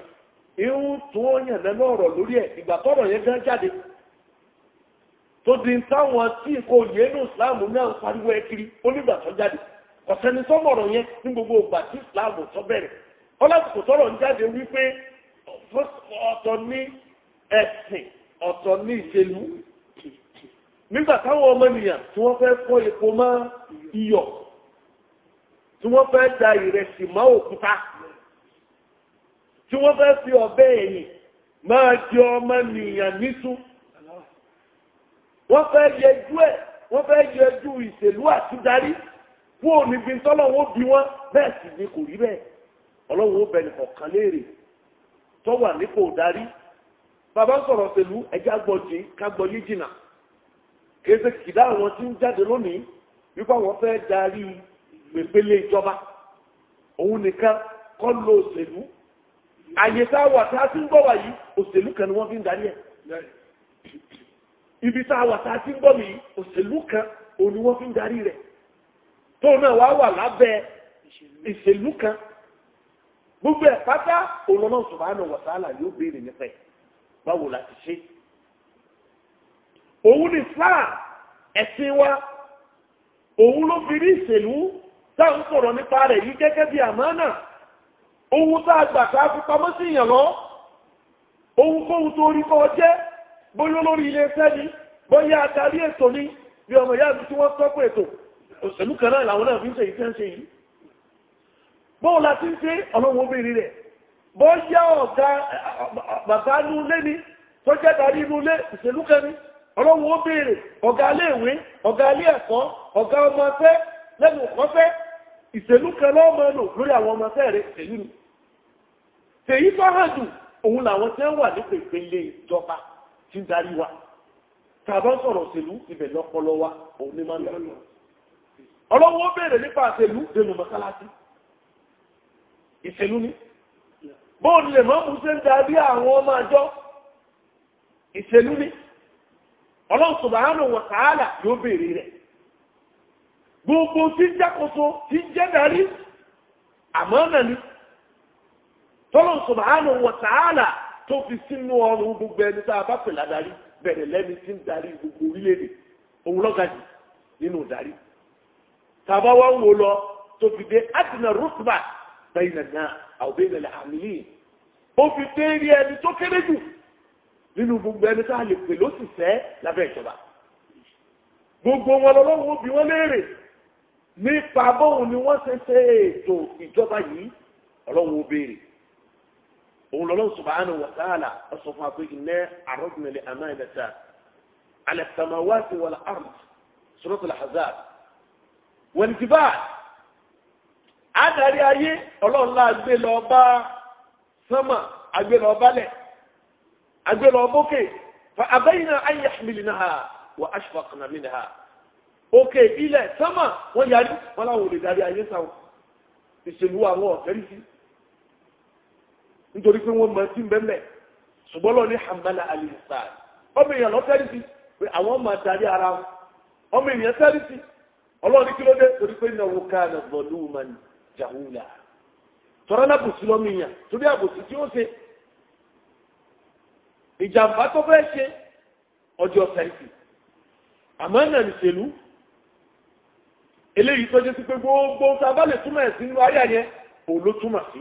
irun tó yàn lẹ́nu ọ̀rọ̀ lórí ẹ̀ ìgbà tọ́rọ̀ yẹn gán jáde tó di táwọn tí kò yéénù Islam náà ń pariwo ẹ kiri ó nígbà tó jáde ọ̀sẹ̀ni sọ́mọ̀rọ̀ yẹn ní gbogbo ìgbà tí Islam sọ bẹ̀rẹ̀ ọlọ́sùkò sọ̀rọ̀ ń jáde wípé ọ̀tọ̀ ní ẹ̀sìn ọ̀tọ̀ ní ìṣèlú nígbà táwọn ọmọnìyàn tí wọ́n fẹ́ kọ́ epo mọ́ iyọ̀ tí wọ́n fẹ́ da ìrẹsì mọ́ òkúta tí wọ́n fẹ́ fi ọ̀bẹ ẹ̀yìn máa jẹ ọmọnìyàn nísú wọ́n fẹ́ yẹjú ẹ̀ wọ́n fẹ́ yẹjú ìṣèlú àti wọ́n ò níbi tọ́lọ́wọ́ bí wọ́n bẹ́ẹ̀ sì ni kò rí bẹ́ẹ̀ ọlọ́wọ́ bẹ̀ ní kọ̀ọ̀kan léèrè tó wà nípò darí bàbá sọ̀rọ̀ pẹ̀lú ẹja gbọ̀dì kágbọ̀ yí jìnnà kéde kìdá àwọn tí ń jáde lónìí wípé àwọn fẹ́ darí gbègbélé ìjọba òun nìkan kọ́ lo òṣèlú àyè tá a wà tá a ti ń gbọ́ wà yìí òṣèlú kan ni wọ́n fi ń darí ẹ̀ ibi tá a wà tá a ti ń gbọ́ mi òṣèlú kan òun ni wọ́n fi ń darí rẹ̀ tó náà wá wà lábẹ́ ìṣèlú kan gbogbo ẹ̀ pátá Ọlọ́hun subhanahu wa yóò béèrè nípa ẹ̀ báwo la ti ṣe òun ni Islam ẹ̀sìn wa òun ló fi rí ìṣèlú táwọn sọ̀rọ̀ nípa rẹ̀ yìí gẹ́gẹ́ bí àmánà ohun tá a gbà tá a fi pamọ́ sí ìyàn lọ ohun kóhun tó rí kọ́ jẹ́ bóyá olórí ilé iṣẹ́ ni bóyá adarí ètò ni bí ọmọ ìyá mi tí wọ́n sọ́kọ̀ ètò òṣèlú kan náà làwọn náà fi ń ṣe ìfẹ́ ṣe yìí bọ́ọ̀ la ti ń ṣe ọlọ́run obìnrin rẹ̀ bọ́ yá ọ̀gá bàbá inú ilé ni tó jẹ́ darí inú ilé òṣèlú kan ni ọlọ́run obìnrin ọ̀gá iléèwé ọ̀gá ilé ẹ̀kọ́ ọ̀gá ọmọ afẹ́ lẹ́nu ọ̀kọ́fẹ́ ìṣèlú kan lọ́mọ lò lórí àwọn ọmọ afẹ́ rẹ̀ ṣèlú ni tèyí tó hàn jù òun làwọn tẹ́ wà ní pèpele ìjọba tí ń darí wa tàbá sọ̀rọ̀ òṣèlú ibẹ̀ lọ́pọlọ wa òun ni máa ń lọ́nà ọlọ́wọ́ béèrè nípa àṣèlú dènù mọ́sálásí ìṣèlú ni bóòlù lè mọ́mú ṣe ń darí àwọn ọmọ àjọ ìṣèlú ni ọlọ́run subhanahu wa ta'ala yóò béèrè rẹ̀ gbogbo tí ń jákòóso tí ń jẹ́ darí àmánà ni tọ́lọ́run subhanahu wa ta'ala tó fi sínú ọrùn gbogbo ẹni tá a bá pè ládarí bẹ̀rẹ̀ lẹ́ni tí ń darí gbogbo orílẹ̀-èdè òun lọ́gàjì nínú darí tàbá wá ń wo lọ tó fi dé adìnà rúkúbà bẹ́ẹ̀ nà náà àwọn bẹ́ẹ̀ nà lè àmì yìí ó fi dé rí ẹni tó kéré jù nínú gbogbo ẹni tá a lè pè lóṣìṣẹ́ lábẹ́ ìjọba gbogbo wọn lọ́wọ́ bí wọ́n léèrè nípa bóun ni wọ́n ṣe ṣe ètò ìjọba yìí ọlọ́run béèrè òun lọ́lọ́run subhanahu wa ta'ala ọ̀sọ̀ fún akpé iná àrọ́gbìnrin àmà ìdàtà alẹ́sàmáwáṣí wal ard suratul ahzab wẹ̀ntìbá adarí ayé ọlọ́run la gbé lọ bá sánmà agbé fa abayna wa òkè ilẹ̀ sánmà wọ́n yarí wọ́n láwọn olè darí ayé sáwọn ìṣèlú àwọn ọ̀fẹ́rí sí nítorí pé wọ́n mọ̀ mbẹ́mbẹ́ ṣùgbọ́n lọ ní hamala ọmọ ọlọ́run kí ló dé torí pé ìnáwó káàna bọ̀lúùmán jàhúlà tọ́rọ́ náà bùsí lọ́mìyàn torí àbòsí tí ó ṣe ìjàmbá tó fẹ́ ṣe ọjọ́ sẹ́ǹtì àmọ́ náà nìṣèlú eléyìí tó jẹ́ sí pé gbogbo ta bá lè túmọ̀ ẹ̀ sínú ayé yẹn òun ló túmọ̀ sí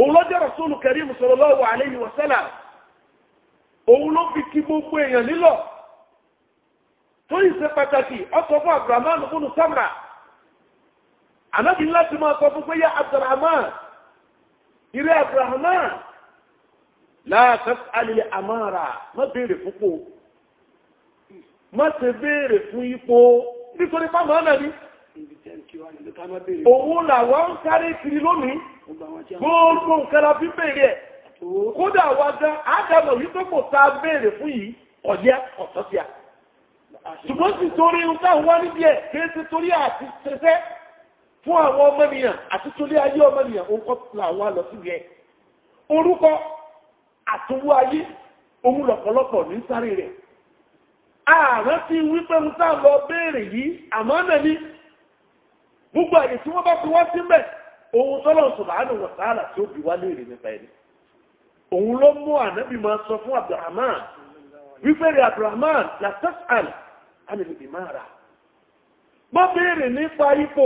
òun ló jẹ́ Rasulu Karim sallallahu alayhi wa òun ló fi kí gbogbo èèyàn nílọ̀ torí ṣe pàtàkì ọkọ̀ fún abdulrahman bùnú samra anábì láti máa kọ fún pé yá abdulrahman ìrẹ́ abdulrahman láàkàtà alìlẹ̀ má fún pò má fún ipò nítorí òun làwọn ń kiri lónìí gbogbo fi ẹ̀ kódà ádámọ̀ yìí tó kò ṣùgbọ́n sì torí ohun táwọn wá níbi ẹ̀ kéré sí torí àti ṣẹṣẹ́ fún àwọn ọmọnìyàn àti torí ayé ọmọnìyàn òun kọ́ làwọn lọ síbi ẹ̀ orúkọ àtúwò ayé òun lọ̀pọ̀lọpọ̀ ní sáré rẹ̀ ààrẹ ti wípé ohun táwọn lọ béèrè yìí àmọ́ náà ní gbogbo àyè tí wọ́n bá fi wá síbẹ̀ ohun tọ́lọ̀ sùbàánù wọ̀ sáàlà tí ó bí wá léèrè nípa ẹni òun ló mú ànábì máa sọ fún Abdulrahman wípé rẹ̀ Abdulrahman la tas'al alèlèbì máa rà bọ́ béèrè nípa ipò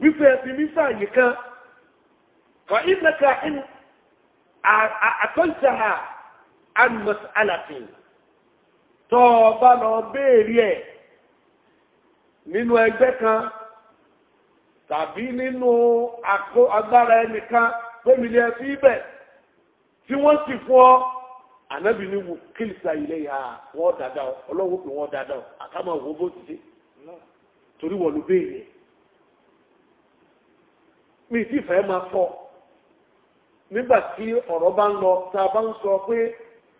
wípé ẹ̀sìn mi sáàyè kan fa ìmẹ́ka àtọ́jà àmọ́sí alàtì tọ́ ọba lọ béèrè ẹ̀ nínú ẹgbẹ́ kan tàbí nínú agbára ẹnìkan tó mi lè fi ibẹ̀ tí wọ́n sì fún ọ anabi ni wò kílìsà ilé ya wọ́n dada o ọlọ́wọ́ pé wọ́n dada o àkàmà wò bó ti dé torí wọ́n ló béèrè mi ti fẹ́ máa fọ́ nígbà tí ọ̀rọ̀ bá ń lọ tá a bá ń sọ pé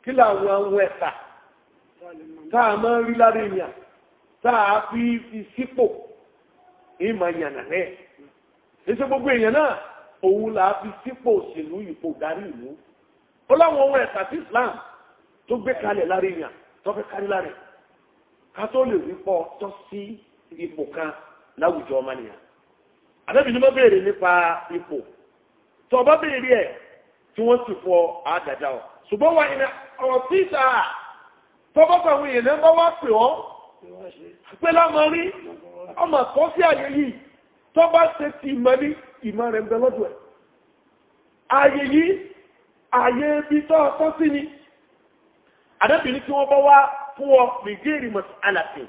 kí làwọn àwọn ẹ̀ka tá a máa ń rí lára èèyàn tá a fi sípò ìmọ̀ ìyànà rẹ̀ ẹ̀ṣẹ̀ gbogbo èèyàn òun là á fi sípò òṣèlú ipò darí ìlú ó láwọn ohun ẹ̀sà tí Islam tó gbé kalẹ̀ lára èèyàn tó fẹ́ kárí lára ká tó lè rí pọ́ tọ́ sí ipò kan láwùjọ ọmọnìyàn àbẹ́bí ni wọ́n béèrè nípa ipò tó ọba béèrè ẹ̀ tí wọ́n sì fọ àdàdà ọ̀ ṣùgbọ́n wà ní ọ̀rọ̀ tí ìta tọ́gbọ́ pẹ̀lú èèyàn náà bá wá pè ọ́ pé lámọ́ rí ọmọ kan sí àyè yìí tó ṣe ti ìmọ̀ ní ìmọ̀ rẹ̀ ń bẹ lọ́dọ̀ ẹ̀ àyè yìí ààyè ibi tó ọ̀tọ́ sí ni adábìnrin tí wọ́n bọ́ wá fún ọ nìgéèrè mọ̀ alàfin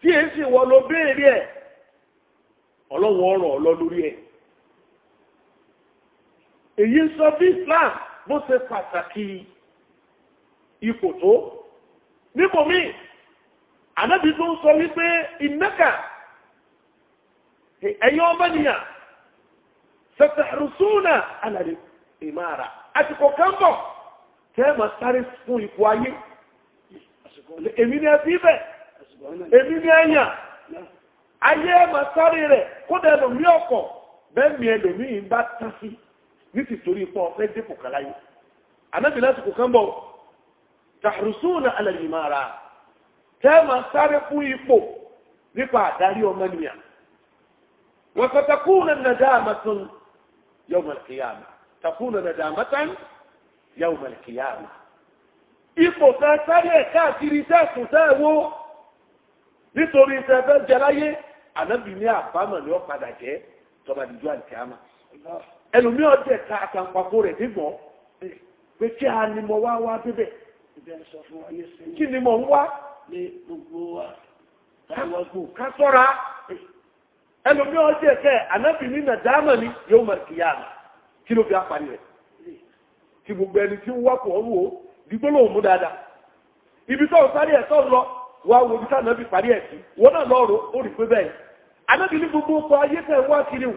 tí èyí sì wọ́n lọ béèrè ẹ̀ ọlọ́wọ́ ọ̀rọ̀ ọlọ́ lórí ẹ̀ èyí ń sọ bí Islam bó ṣe pàtàkì ipò tó nípò míì anábì tó ń sọ wípé ìnáka ẹ̀yọ́ ọmọnìyàn sẹ̀tẹ̀rùsúnà alàrí ìmára àsìkò kan bọ̀ tẹ́ ma sáré fún ipò ayé èmi ni ẹbí bẹ̀ èmi ni ẹ̀yàn ayé ma sáré rẹ̀ kódà ẹlòmí ọkọ̀ bẹ́ẹ̀mí ẹlòmí ń bá tán sí ní ti torí ipò ọ̀fẹ́ dépò kàláyé ànábì lásìkò kan tàrùsùn alẹ́lì máa ra tẹ́ takúnù nadamatan yawm al-qiyamah ipò kan sáré ẹ̀ká àkiri iṣẹ́ ìkùnṣẹ́ ẹ̀wó nítorí iṣẹ́ fẹ́ jẹ láyé ànábì ní àbámọ̀ ni ó padà jẹ́ tọ́ba dìjọ́ àlùkìyàmà ẹlòmíràn jẹ́ ká àtàǹpàkò rẹ̀ nígbọ̀n pé kí a ni mo wá wá bíbẹ̀ kí ni mo ń wá ní gbogbo wa ká sọ́ra ní nàdámọ̀ ni yawm al-qiyamah kí ló fi àpàdé rẹ̀ tí gbogbo ẹni tí ń wọ́pọ̀ ọ̀rùn o dìgbò lòun mú dáadáa ibi tó ń sáré ẹ̀ tó ń lọ wá wo ibi táwọn ẹbí parí ẹ̀ sí wọn náà lọ́ọ̀rọ̀ ó rí pé bẹ́ẹ̀ anábì ní gbogbo ọkọ̀ ayé tẹ̀ wá kiri o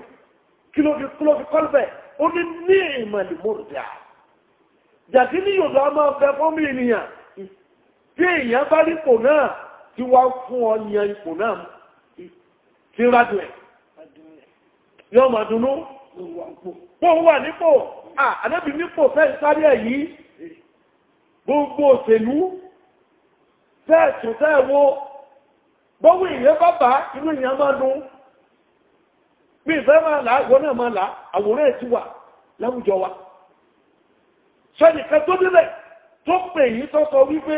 kí ló fi kí ló fi kọ́ bẹ́ẹ̀ ó ní ní ìmọ̀lẹ̀ mọ́rùdà jàdí ní yòlá máa bẹ fún mi ènìyàn tí èèyàn bá rí ipò náà tí wá fún ọ yan ipò náà tí rádùn ẹ̀ yọ tó wà nípò ànábì nípò fẹ́ sáré ẹ̀ yìí gbogbo òṣèlú tẹ́ẹ̀tù tẹ́ẹ̀wó gbogbo ìyẹ́ bàbá inú ìyàn máa nú bí ìfẹ́ máa là àwọn náà máa là àwòrán ẹ̀ ti wà láwùjọ wa sẹ́nìkan tó délẹ̀ tó pè yí tó sọ wípé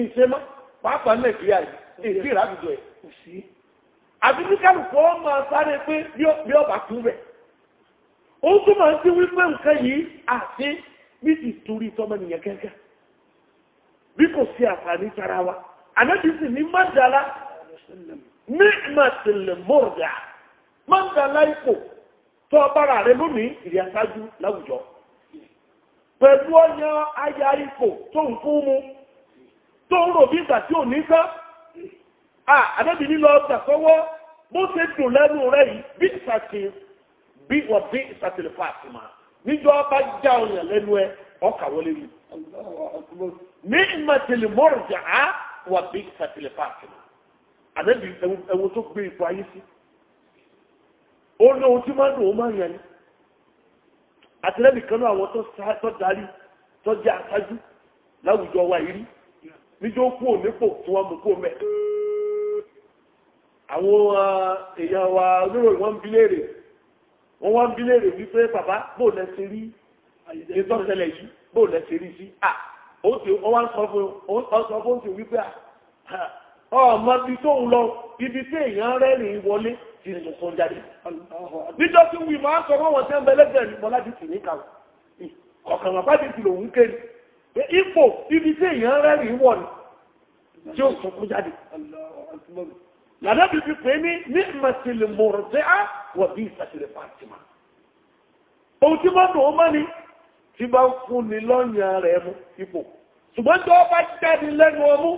ìṣẹ́mọ́ pàápàá nàìjíríà yìí èdè ìrábìjọ ẹ̀ kò sí àbí ní kálùkù ọmọ sáré pé bí ọba kú bẹ̀ ó túnmọ̀ sí wípé nǹkan yìí àti bí ti torí tọ́mọnìyàn kẹ́kẹ́ bí kò sí àǹfààní tara wa ànábì sì ní mọ́dàlá ní ìmọ̀tìlẹ̀ mọ́ọ̀dà mọ́dàlá ipò tó bára rẹ lónìí ìrìn àṣáájú láwùjọ pẹ̀lú ọyàn aya ipò tó ń fún mu tó ń rò bí ìgbà tí ò ní sá ànábì nílọ ọgbà sọwọ́ bó ṣe dùn lẹ́nu rẹ yìí bí ìsàkíyèsí bí wọ́n bí ìsàtìlẹ̀ fáàtì máa níjọ́ bá já ọyàn lẹ́nu ẹ ọkà wọlé yìí ní ìmọ̀tìlẹ̀ mọ́rùjà á wọ́n bí ìsàtìlẹ̀ fáàtì máa àdébí ẹ̀wọ̀n tó gbé ipò ayé sí ó ní ohun tí máa ń dùn ó máa ń yẹn ni àtìlẹ́bì kan náà àwọn tó darí tó jẹ́ àṣájú láwùjọ wa yìí níjọ́ kú ònípò tí wọ́n mú kó mẹ́ àwọn eh, èèyàn wa oníròyìn wọn ń bi léèrè wọ́n wá ń bí léèrè wípé bàbá bó lẹ ṣe rí ìtọ́sẹ̀lẹ̀ yìí bó lẹ ṣe rí sí à ó ti wọ́n wá ń sọ fún ọ sọ fún ti wípé ọmọ ibi tó ń lọ ibi tí èèyàn rẹ́rìn wọlé ti ń sọ jáde níjọ́ tí wí máa ń sọ fún wọn tẹ́ ń bẹ lẹ́gbẹ̀ẹ́ ní bọ́lá ti tì ní kàwé ọ̀kan bàbá ti ti lòun kéré ipò ibi tí èèyàn rẹ́rìn wọ̀ ni tí ó sọ fún jáde lànàbí fi pè ní ní màsìlì mùrùtẹ́à wà bí ìsàtìlẹ̀ fàtìmà ohun tí wọ́n dùn ó mọ́ni tí bá ń fún ni lọ́yàn rẹ̀ mú ipò ṣùgbọ́n tí wọ́n bá jáde lẹ́nu ọmú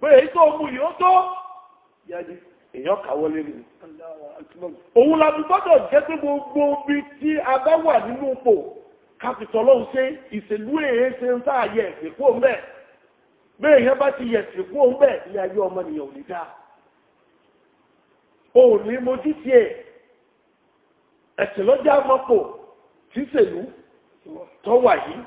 pé èyí tó mú yóò tó yáde èyàn kàwọlé ni òun làbí gbọ́dọ̀ jẹ́ pé gbogbo ibi tí a bá wà nínú ipò kápítọ̀ lọ́hùn ṣe ìṣèlú èyí ṣe ń sáàyẹ̀ ìsìnkú òun bẹ́ẹ̀ bẹ́ẹ̀ yẹn bá ti yẹ̀ ìsìnkú òun bẹ́ẹ̀ ìyá yọ ọmọ ò ní dáa òun ní mojú tí ẹ̀ ẹ̀sìn lọ́jà mọ́pò tí sèlú tó wà yìí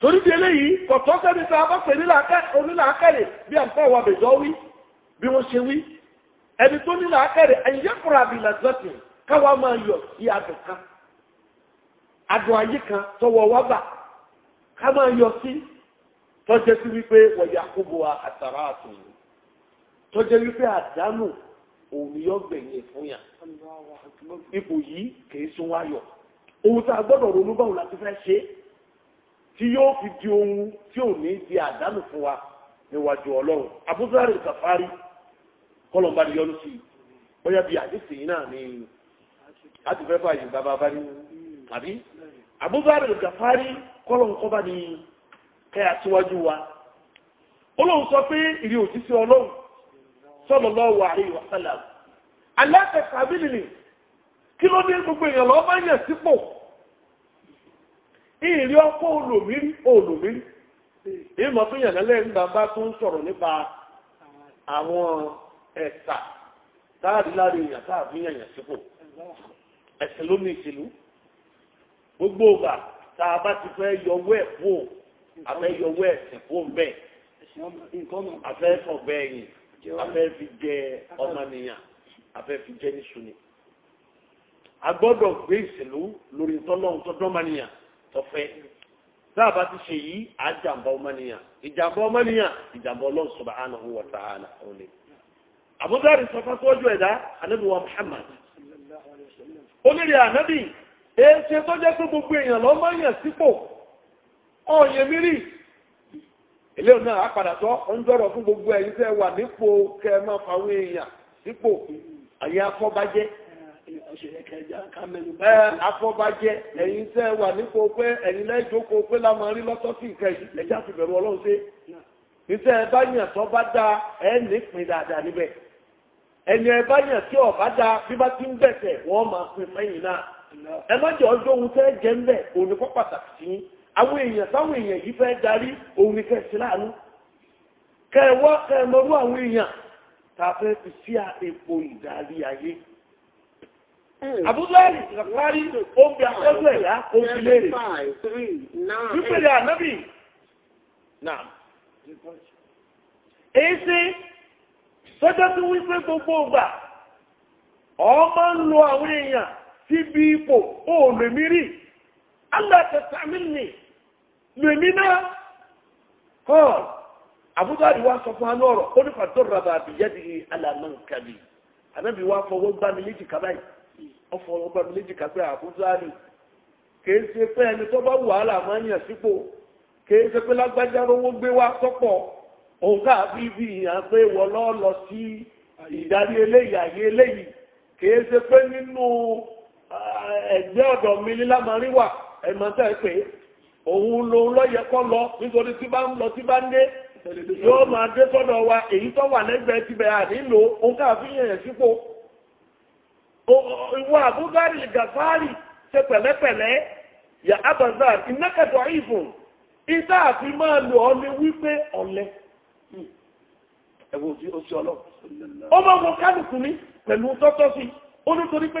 torí bí eléyìí kọ̀tọ́ sẹ́ni tó abọ́pẹ̀ onílàákẹ́rẹ̀ bí àǹkọ́ wa bèjọ́ wí bí wọ́n ṣe wí ẹni tó nílàákẹ́rẹ̀ ẹ̀yẹ́kùnrin àbìlà zọ́tì káwa máa yọ sí adùn kan adùn ayé kan tọwọ́ wá bà ká máa yọ sí tọ́jẹ́ sí wípé wọ̀yà kúbo àtàrà àtùnú tó jẹ́ wípé àdánù òun yọ gbẹ̀yìn fún yà ipò yìí kìí sún wáyọ̀ ohun tá a gbọ́dọ̀ ronú báwo la ti fẹ́ ṣe tí yóò fi di ohun tí ò ní di àdánù fún wa níwájú ọlọ́run abúzárì kàfárí kọlọ̀mbà ni yọnu sí i bóyá bíi àdìsí yìí náà ni a ti fẹ́ fààyè bàbá bá ní tàbí abúzárì kàfárí kọlọ̀nkọ́bà ni kẹ́ àtiwájú wa ọlọ́run sọ pé ìrì òjíṣẹ́ ọlọ́run sallallahu alaihi wa sallam alákẹ̀kàbílì ni kí ló dé gbogbo èèyàn lọ bá yàn sípò ìrí ọkọ̀ olùmírí olùmírí ìmọ̀ tó yàn lẹ́lẹ́ nígbà bá tó ń sọ̀rọ̀ nípa àwọn ẹ̀sà táàrí láre èèyàn táàrí yàn sípò ẹ̀sìn ló ní ìṣèlú gbogbo ọgbà tá a bá ti fẹ́ yọwọ́ ẹ̀ àfẹ́ yọwọ́ ẹ̀sìn fún bẹ́ẹ̀ àfẹ́ sọ̀gbẹ́ ẹ̀yìn afẹ́ fi jẹ ọmọnìyàn fi jẹ ní sunni a gbé ìṣèlú lórí tọ́lọ́hún tọ́fẹ́ tá a ti ṣe yìí á ọmọnìyàn ìjàǹbá ọmọnìyàn ìjàǹbá Ọlọ́run subhanahu ta'ala àbúdárì sọ ẹ̀dá Muhammad ànábì èé ṣe tó ilé òun náà á ń dọ̀rọ̀ fún gbogbo ẹ̀yin tẹ́ wà nípò kẹ́ ẹ èèyàn nípò àyè ẹ̀yin tẹ́ wà nípò ẹ̀yin pé lọ́tọ́ sí ti bẹ̀rù ọlọ́run ṣe níṣẹ́ ẹ bá yàn tó bá dáa ẹ nípìn dáadáa níbẹ̀ ẹni ẹ bá yàn tí bí bá ti àwọn èèyàn táwọn èèyàn yìí fẹ́ darí òun ni kẹsì láàánú kẹwọ́ kẹmọrú àwọn èèyàn tàbẹ́ fi sí àpò ìdarí ayé àbúgbàrí ìrọ̀kárí oúnjẹ akọ́jú ẹ̀yà oúnjẹ léèrè wípèrè ànábì náà èyí sí sọ́jọ́ tí wípé gbogbo ọgbà ọmọ ń lo àwọn èèyàn síbi ipò ó lè mí rí aláàtẹ̀sàmìlì lèmi náà hàn àbúrò àdìwá sọ fún anú ọ̀rọ̀ ó ní fàtọ́rọ̀ bàbá àbíyẹ́dì alàmọ́nkàlì ànábì wá fọwọ́ gbá mi léjì ká báyìí ó fọwọ́ gbá mi léjì ká pé àbúrò àdì kèé ṣe pé ẹni tó bá wàhálà máa ń yàn sípò kèé ṣe pé lágbájá rówó gbé wá sọ́pọ̀ òun káàbí bí ìyàn pé wọ́n lọ́ọ́ lọ sí ìdarí eléyìí àyè eléyìí kìí ṣe pé nínú ẹgbẹ́ ọ̀dọ̀ mi ní lámarí wà ẹ̀mọ́tẹ́ pé òun lòun lọ́yẹ kọ́ lọ nítorí tí bá ń lọ tí bá ń dé yóò máa dé sọ́dọ̀ wa èyí tó wà lẹ́gbẹ̀ẹ́ ti bẹ̀rẹ̀ òun káàfin yẹn sípò ìwọ àbúgárì gàfárì ṣe pẹ̀lẹ́pẹ̀lẹ́ yà ábàzà ìnákàtọ̀ ìfún ìta àfi máa lò ọ́ ní wípé ẹ̀wọ̀ ọlọ́ ó máa wọ kálukú ní pẹ̀lú tọ́tọ́ sí ó nítorí pé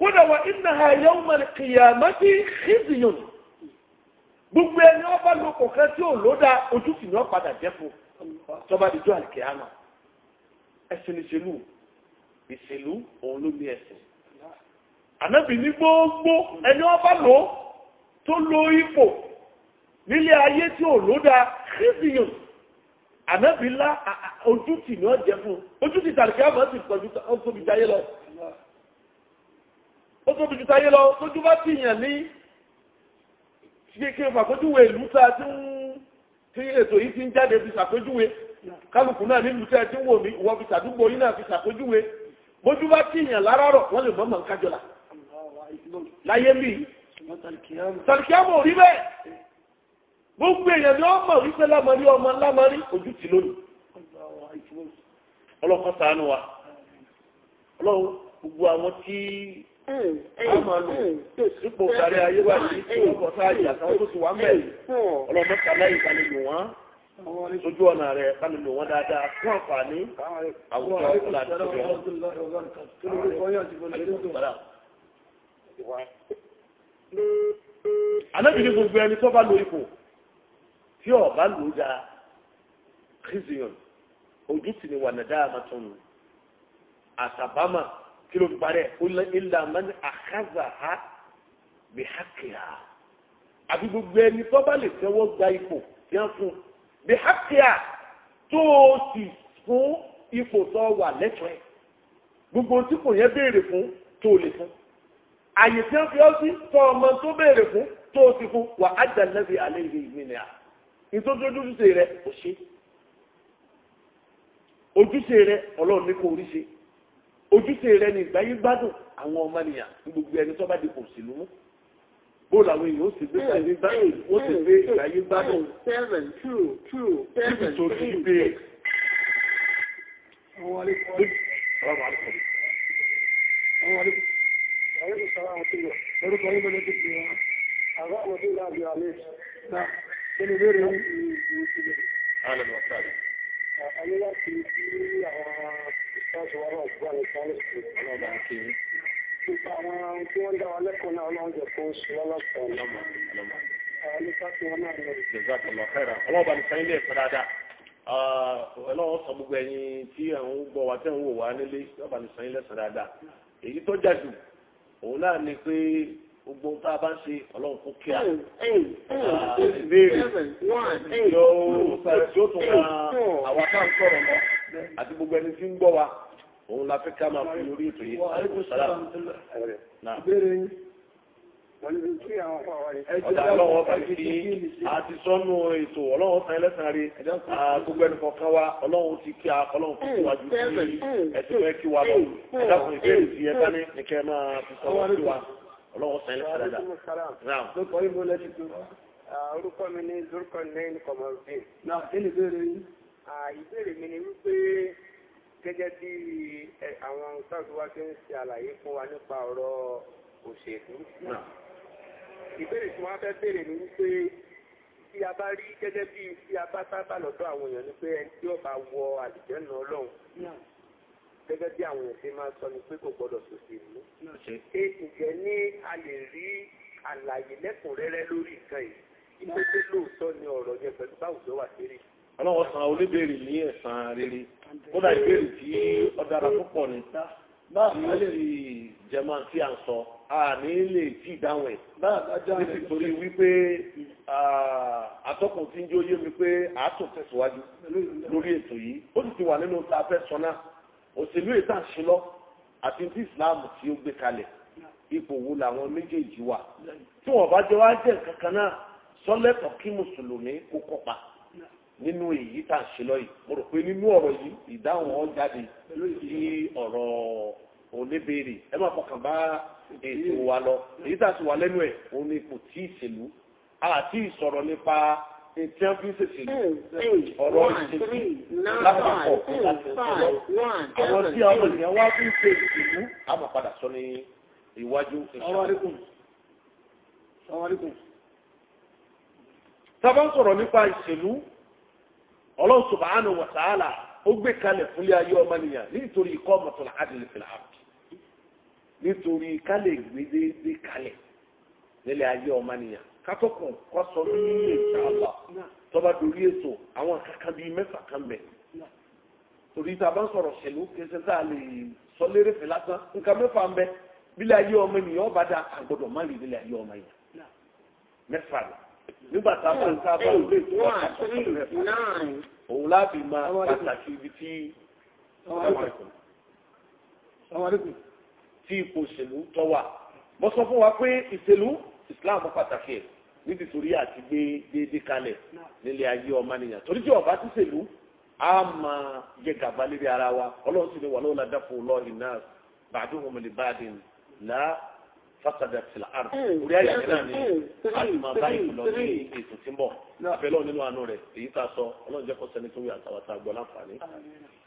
kódà wà iná ha yóò mọ̀ kìyàmọ́tì hìzìyàn gbogbo ẹni ọba ló kọ̀ọ̀kan tí ò lóda ojú kì ní ọ̀padà jẹ́fọ́ tọ́ba dìjọ́ àlìkìyàmọ́ ẹ̀sìn ìṣèlú ìṣèlú òun ló ní ẹ̀sìn ànábì ní gbogbo ẹni ọba lò tó lo ipò nílé ayé tí ò lóda ànábì ńlá ojútì ní ọ̀jẹ̀ fún ojútì tàlìkìyàmọ́ sì pọ̀jù ó tóbi jáyé lọ ó tó bí jùtayé lọ lójú bá ti yàn ní kíkẹ́ fàkójúwe ìlú tá tí ètò yìí ti ń jáde fi ṣàpèjúwe kálukú náà nílùú tẹ́ tí wò mí wọ́n fi ṣàdúgbò yìí náà fi ṣàpèjúwe bójú bá ti yàn lárárọ̀ wọ́n lè mọ́mọ́ kájọ́lá láyé mi tàlìkíámọ̀ rí bẹ́ẹ̀ gbogbo èèyàn ni wọ́n mọ̀ wípé lámarí ọmọ lámarí ojú ti lónìí ọlọ́kọ̀ ṣàánú wa ọlọ́run gbogbo àwọn tí Ipò kàrí ayé wà ní ọkọ̀ sáàjì àtàwọn tó ti wà mẹ́rin. Ọlọ́mọ kàlá ìkàlẹ̀lò wọ́n. Ojú ọ̀nà rẹ̀ kàlẹ̀lò wọ́n dáadáa. Fún àǹfààní, àwùjọ ọ̀la àti ọ̀la. Ànábì ní gbogbo ẹni tó bá lo ipò tí ó bá lò ó dáa. Kìzìyàn, ojú ti ni wà nàdá àmàtọ́nù. Àtàbámà kí ló fi parẹ́ ilà man àkàzà ha bí hákì ha àbí gbogbo ẹni tó bá lè tẹ́wọ́ gba ipò tí wọ́n fún bí hákì ha tó o sì fún ipò tó wà lẹ́tọ̀ọ́ ẹ̀ gbogbo tí kò yẹ béèrè fún tó o lè fún àyè tí wọ́n fi ọ́ sí tó ọmọ tó béèrè fún tó o sì fún wà á jà lẹ́bi alẹ́ ìlú ìmìnira nítorí ojúṣe rẹ kò ṣe ojúṣe rẹ ọlọ́run ní kò rí ṣe ojúṣe rẹ ní ìgbáyé gbádùn àwọn ọmọ nìyà gbogbo ẹni tó bá di òṣèlú mú bóòlù àwọn èèyàn ó sì gbé ìgbáyé gbádùn ó sì gbé ìgbáyé gbádùn níbi tó ti gbé e. Orúkọ yín lọ́dún ti wá. Àgbà ọmọdé ìlà àbí àlè. Nà, kí ni ìbéèrè yín? Àlè lọ sáré. Àyè láti rí àwọn láti wá náà gbọ́ nípa lóṣù ọlọ́ba dá wa lẹ́kọ̀ọ́ náà ọlọ́ọ̀jẹ̀ fún oṣù lọ́lọ́sọ̀ ọlọ́mọ. Àwọn nípa tí wọ́n náà lọ. Ìjọba kan lọ fẹ́ràn. Ọlọ́ba ní sẹ́yìn lè fẹ́ dáadáa. Ah, Ọlọ́wọ́ sọ gbogbo ẹ̀yin tí àwọn gbọ́ wa tẹ̀ ń wò wá nílé ọlọ́ba ní sẹ́yìn lẹ́sàn dáadáa. Èyí tó jà jù òun náà ni pé gbogbo tá a bá ń ṣe ọlọ́run fún kíá. Béèrè ah, yóò tún ra àwọn tá à náà àti gbogbo ẹni tí ń gbọ́ wa òun la fẹ́ ká máa fi orí ètò yìí àlékún sálà. ọjà ọlọ́wọ́ bá ti àti sọ́nù ètò ọlọ́wọ́ san ẹlẹ́sàn rí gbogbo ẹni kọ̀ọ̀kan wa ọlọ́wọ́ ti kí a ọlọ́wọ́ fún wa ju sí ẹ̀sìn rẹ̀ kí wa lọ ẹ̀dá fún ìbéèrè sí ẹ̀ká ní nìkẹ́ máa fi sọ́wọ́ sí wa ọlọ́wọ́ san ẹlẹ́sàn dáadáa. orúkọ mi ni zorko nẹ́ẹ̀ni kọ̀mọ̀rún. náà kí ni ìbéèrè yìí ìbéèrè mi ni wípé gẹ́gẹ́ bí àwọn sáàdùwá tí ń ṣe àlàyé fún wa nípa ọ̀rọ̀ òṣèlú ìbéèrè tí wọ́n fẹ́ béèrè ni wípé tí a bá rí gẹ́gẹ́ bí tí a bá sábà lọ́dọ̀ àwọn èèyàn ni pé ẹni tí ó bá wọ àlùjànnà ọlọ́run gẹ́gẹ́ bí àwọn èèyàn ṣe máa sọ ni pé kò gbọ́dọ̀ ṣòṣèlú ṣe ǹjẹ́ ní a lè rí àlàyé lẹ́kùnrẹ́rẹ́ lórí nǹkan yìí ìpèsè lóòótọ́ ni ọ̀rọ̀ yẹn pẹ̀lú báwùjọ wà sí rí ọlọ́wọ́ san olébèrè ní ẹ̀san rere kódà ìbéèrè tí ó dára púpọ̀ ní báàmù lè jẹma tí a ń sọ a ní lè tí ìdáhùn ẹ̀ nítorí torí wípé atọ́kùn tí ń jó yé mi pé àátò tẹ̀síwájú lórí ètò yìí ó sì ti wà nínú ta fẹ́ sọ náà òṣèlú ètà ń ṣe lọ àti tí Islam tí ó gbé kalẹ̀ ipò wo làwọn méjèèjì wà tí wọn bá jọ wá jẹ nǹkan kan náà sọlẹ́tọ̀ kí mùsùlùmí kó kópa nínú èyí tà ń ṣe lọ́yìn mo rò pé nínú ọ̀rọ̀ yìí ìdáhùn ọ̀ jáde sí ọ̀rọ̀ oníbèrè ẹ má fọkàn bá ètò wa lọ èyí tà sí wa lẹ́nu ẹ̀ òun ni kò tí ì ṣèlú àti ìsọ̀rọ̀ nípa ìtẹ́ bí ṣèṣèlú ọ̀rọ̀ ìṣèlú lápapọ̀ ọ̀rọ̀ tí àwọn ènìyàn wá bí ṣe ìlú a máa padà sọ ní iwájú ìṣàlẹ̀. sábà ń sọ̀rọ̀ nípa ìṣèlú ọlọ́run subhanahu wa ta'ala ó gbé kalẹ̀ fúnlẹ̀ ayé ọmọnìyàn nítorí ikọ́ mọ̀tòlá adìlẹ̀ fìlà àbùkù nítorí kálẹ̀ gbé déédé kalẹ̀ nílẹ̀ ayé ọmọnìyàn kátọ́kùn kọ́sọ ní ìta àbà tọ́ba dorí ètò àwọn kankan bíi mẹ́fà kan bẹ̀ torí tá a bá ń sọ̀rọ̀ ṣẹlú kẹsẹ̀ tá a lè sọ lérè fẹ́ lásán nǹkan mẹ́fà ń bẹ nílẹ̀ ayé ọmọ ènìyàn ọba dá àgbọ̀dọ̀ má lè nílẹ̀ ayé ọmọ yẹn mẹ́fà rẹ̀ nígbà tá a bá ń sábà lè tó àkàtúntì rẹ̀ òun láti máa pàtàkì ibi tí tí ipò òṣèlú tọ́ wà mo sọ fún wa pé ìṣèlú Islam pàtàkì ẹ̀ níbi torí àti gbé déédéé kalẹ̀ nílé ayé ọmọnìyàn torí tí ọba ti ṣèlú a máa yẹ gàba lébi ara wa ọlọ́run sì ni wà lóun la dáfò lọ́ọ̀hìn náà bàdúhùn mi ní là fasadat fil ard orí ayé hmm, àgbẹ̀ náà ni àtìmọ̀ hmm, hmm, báyìí lọ ní ètò tí ń bọ̀ abẹ́lẹ́ nínú àánú rẹ̀ èyí tá a sọ ọlọ́run jẹ́ kó sẹ́ni tó wí àtàwọn tá a gbọ́ láǹfààní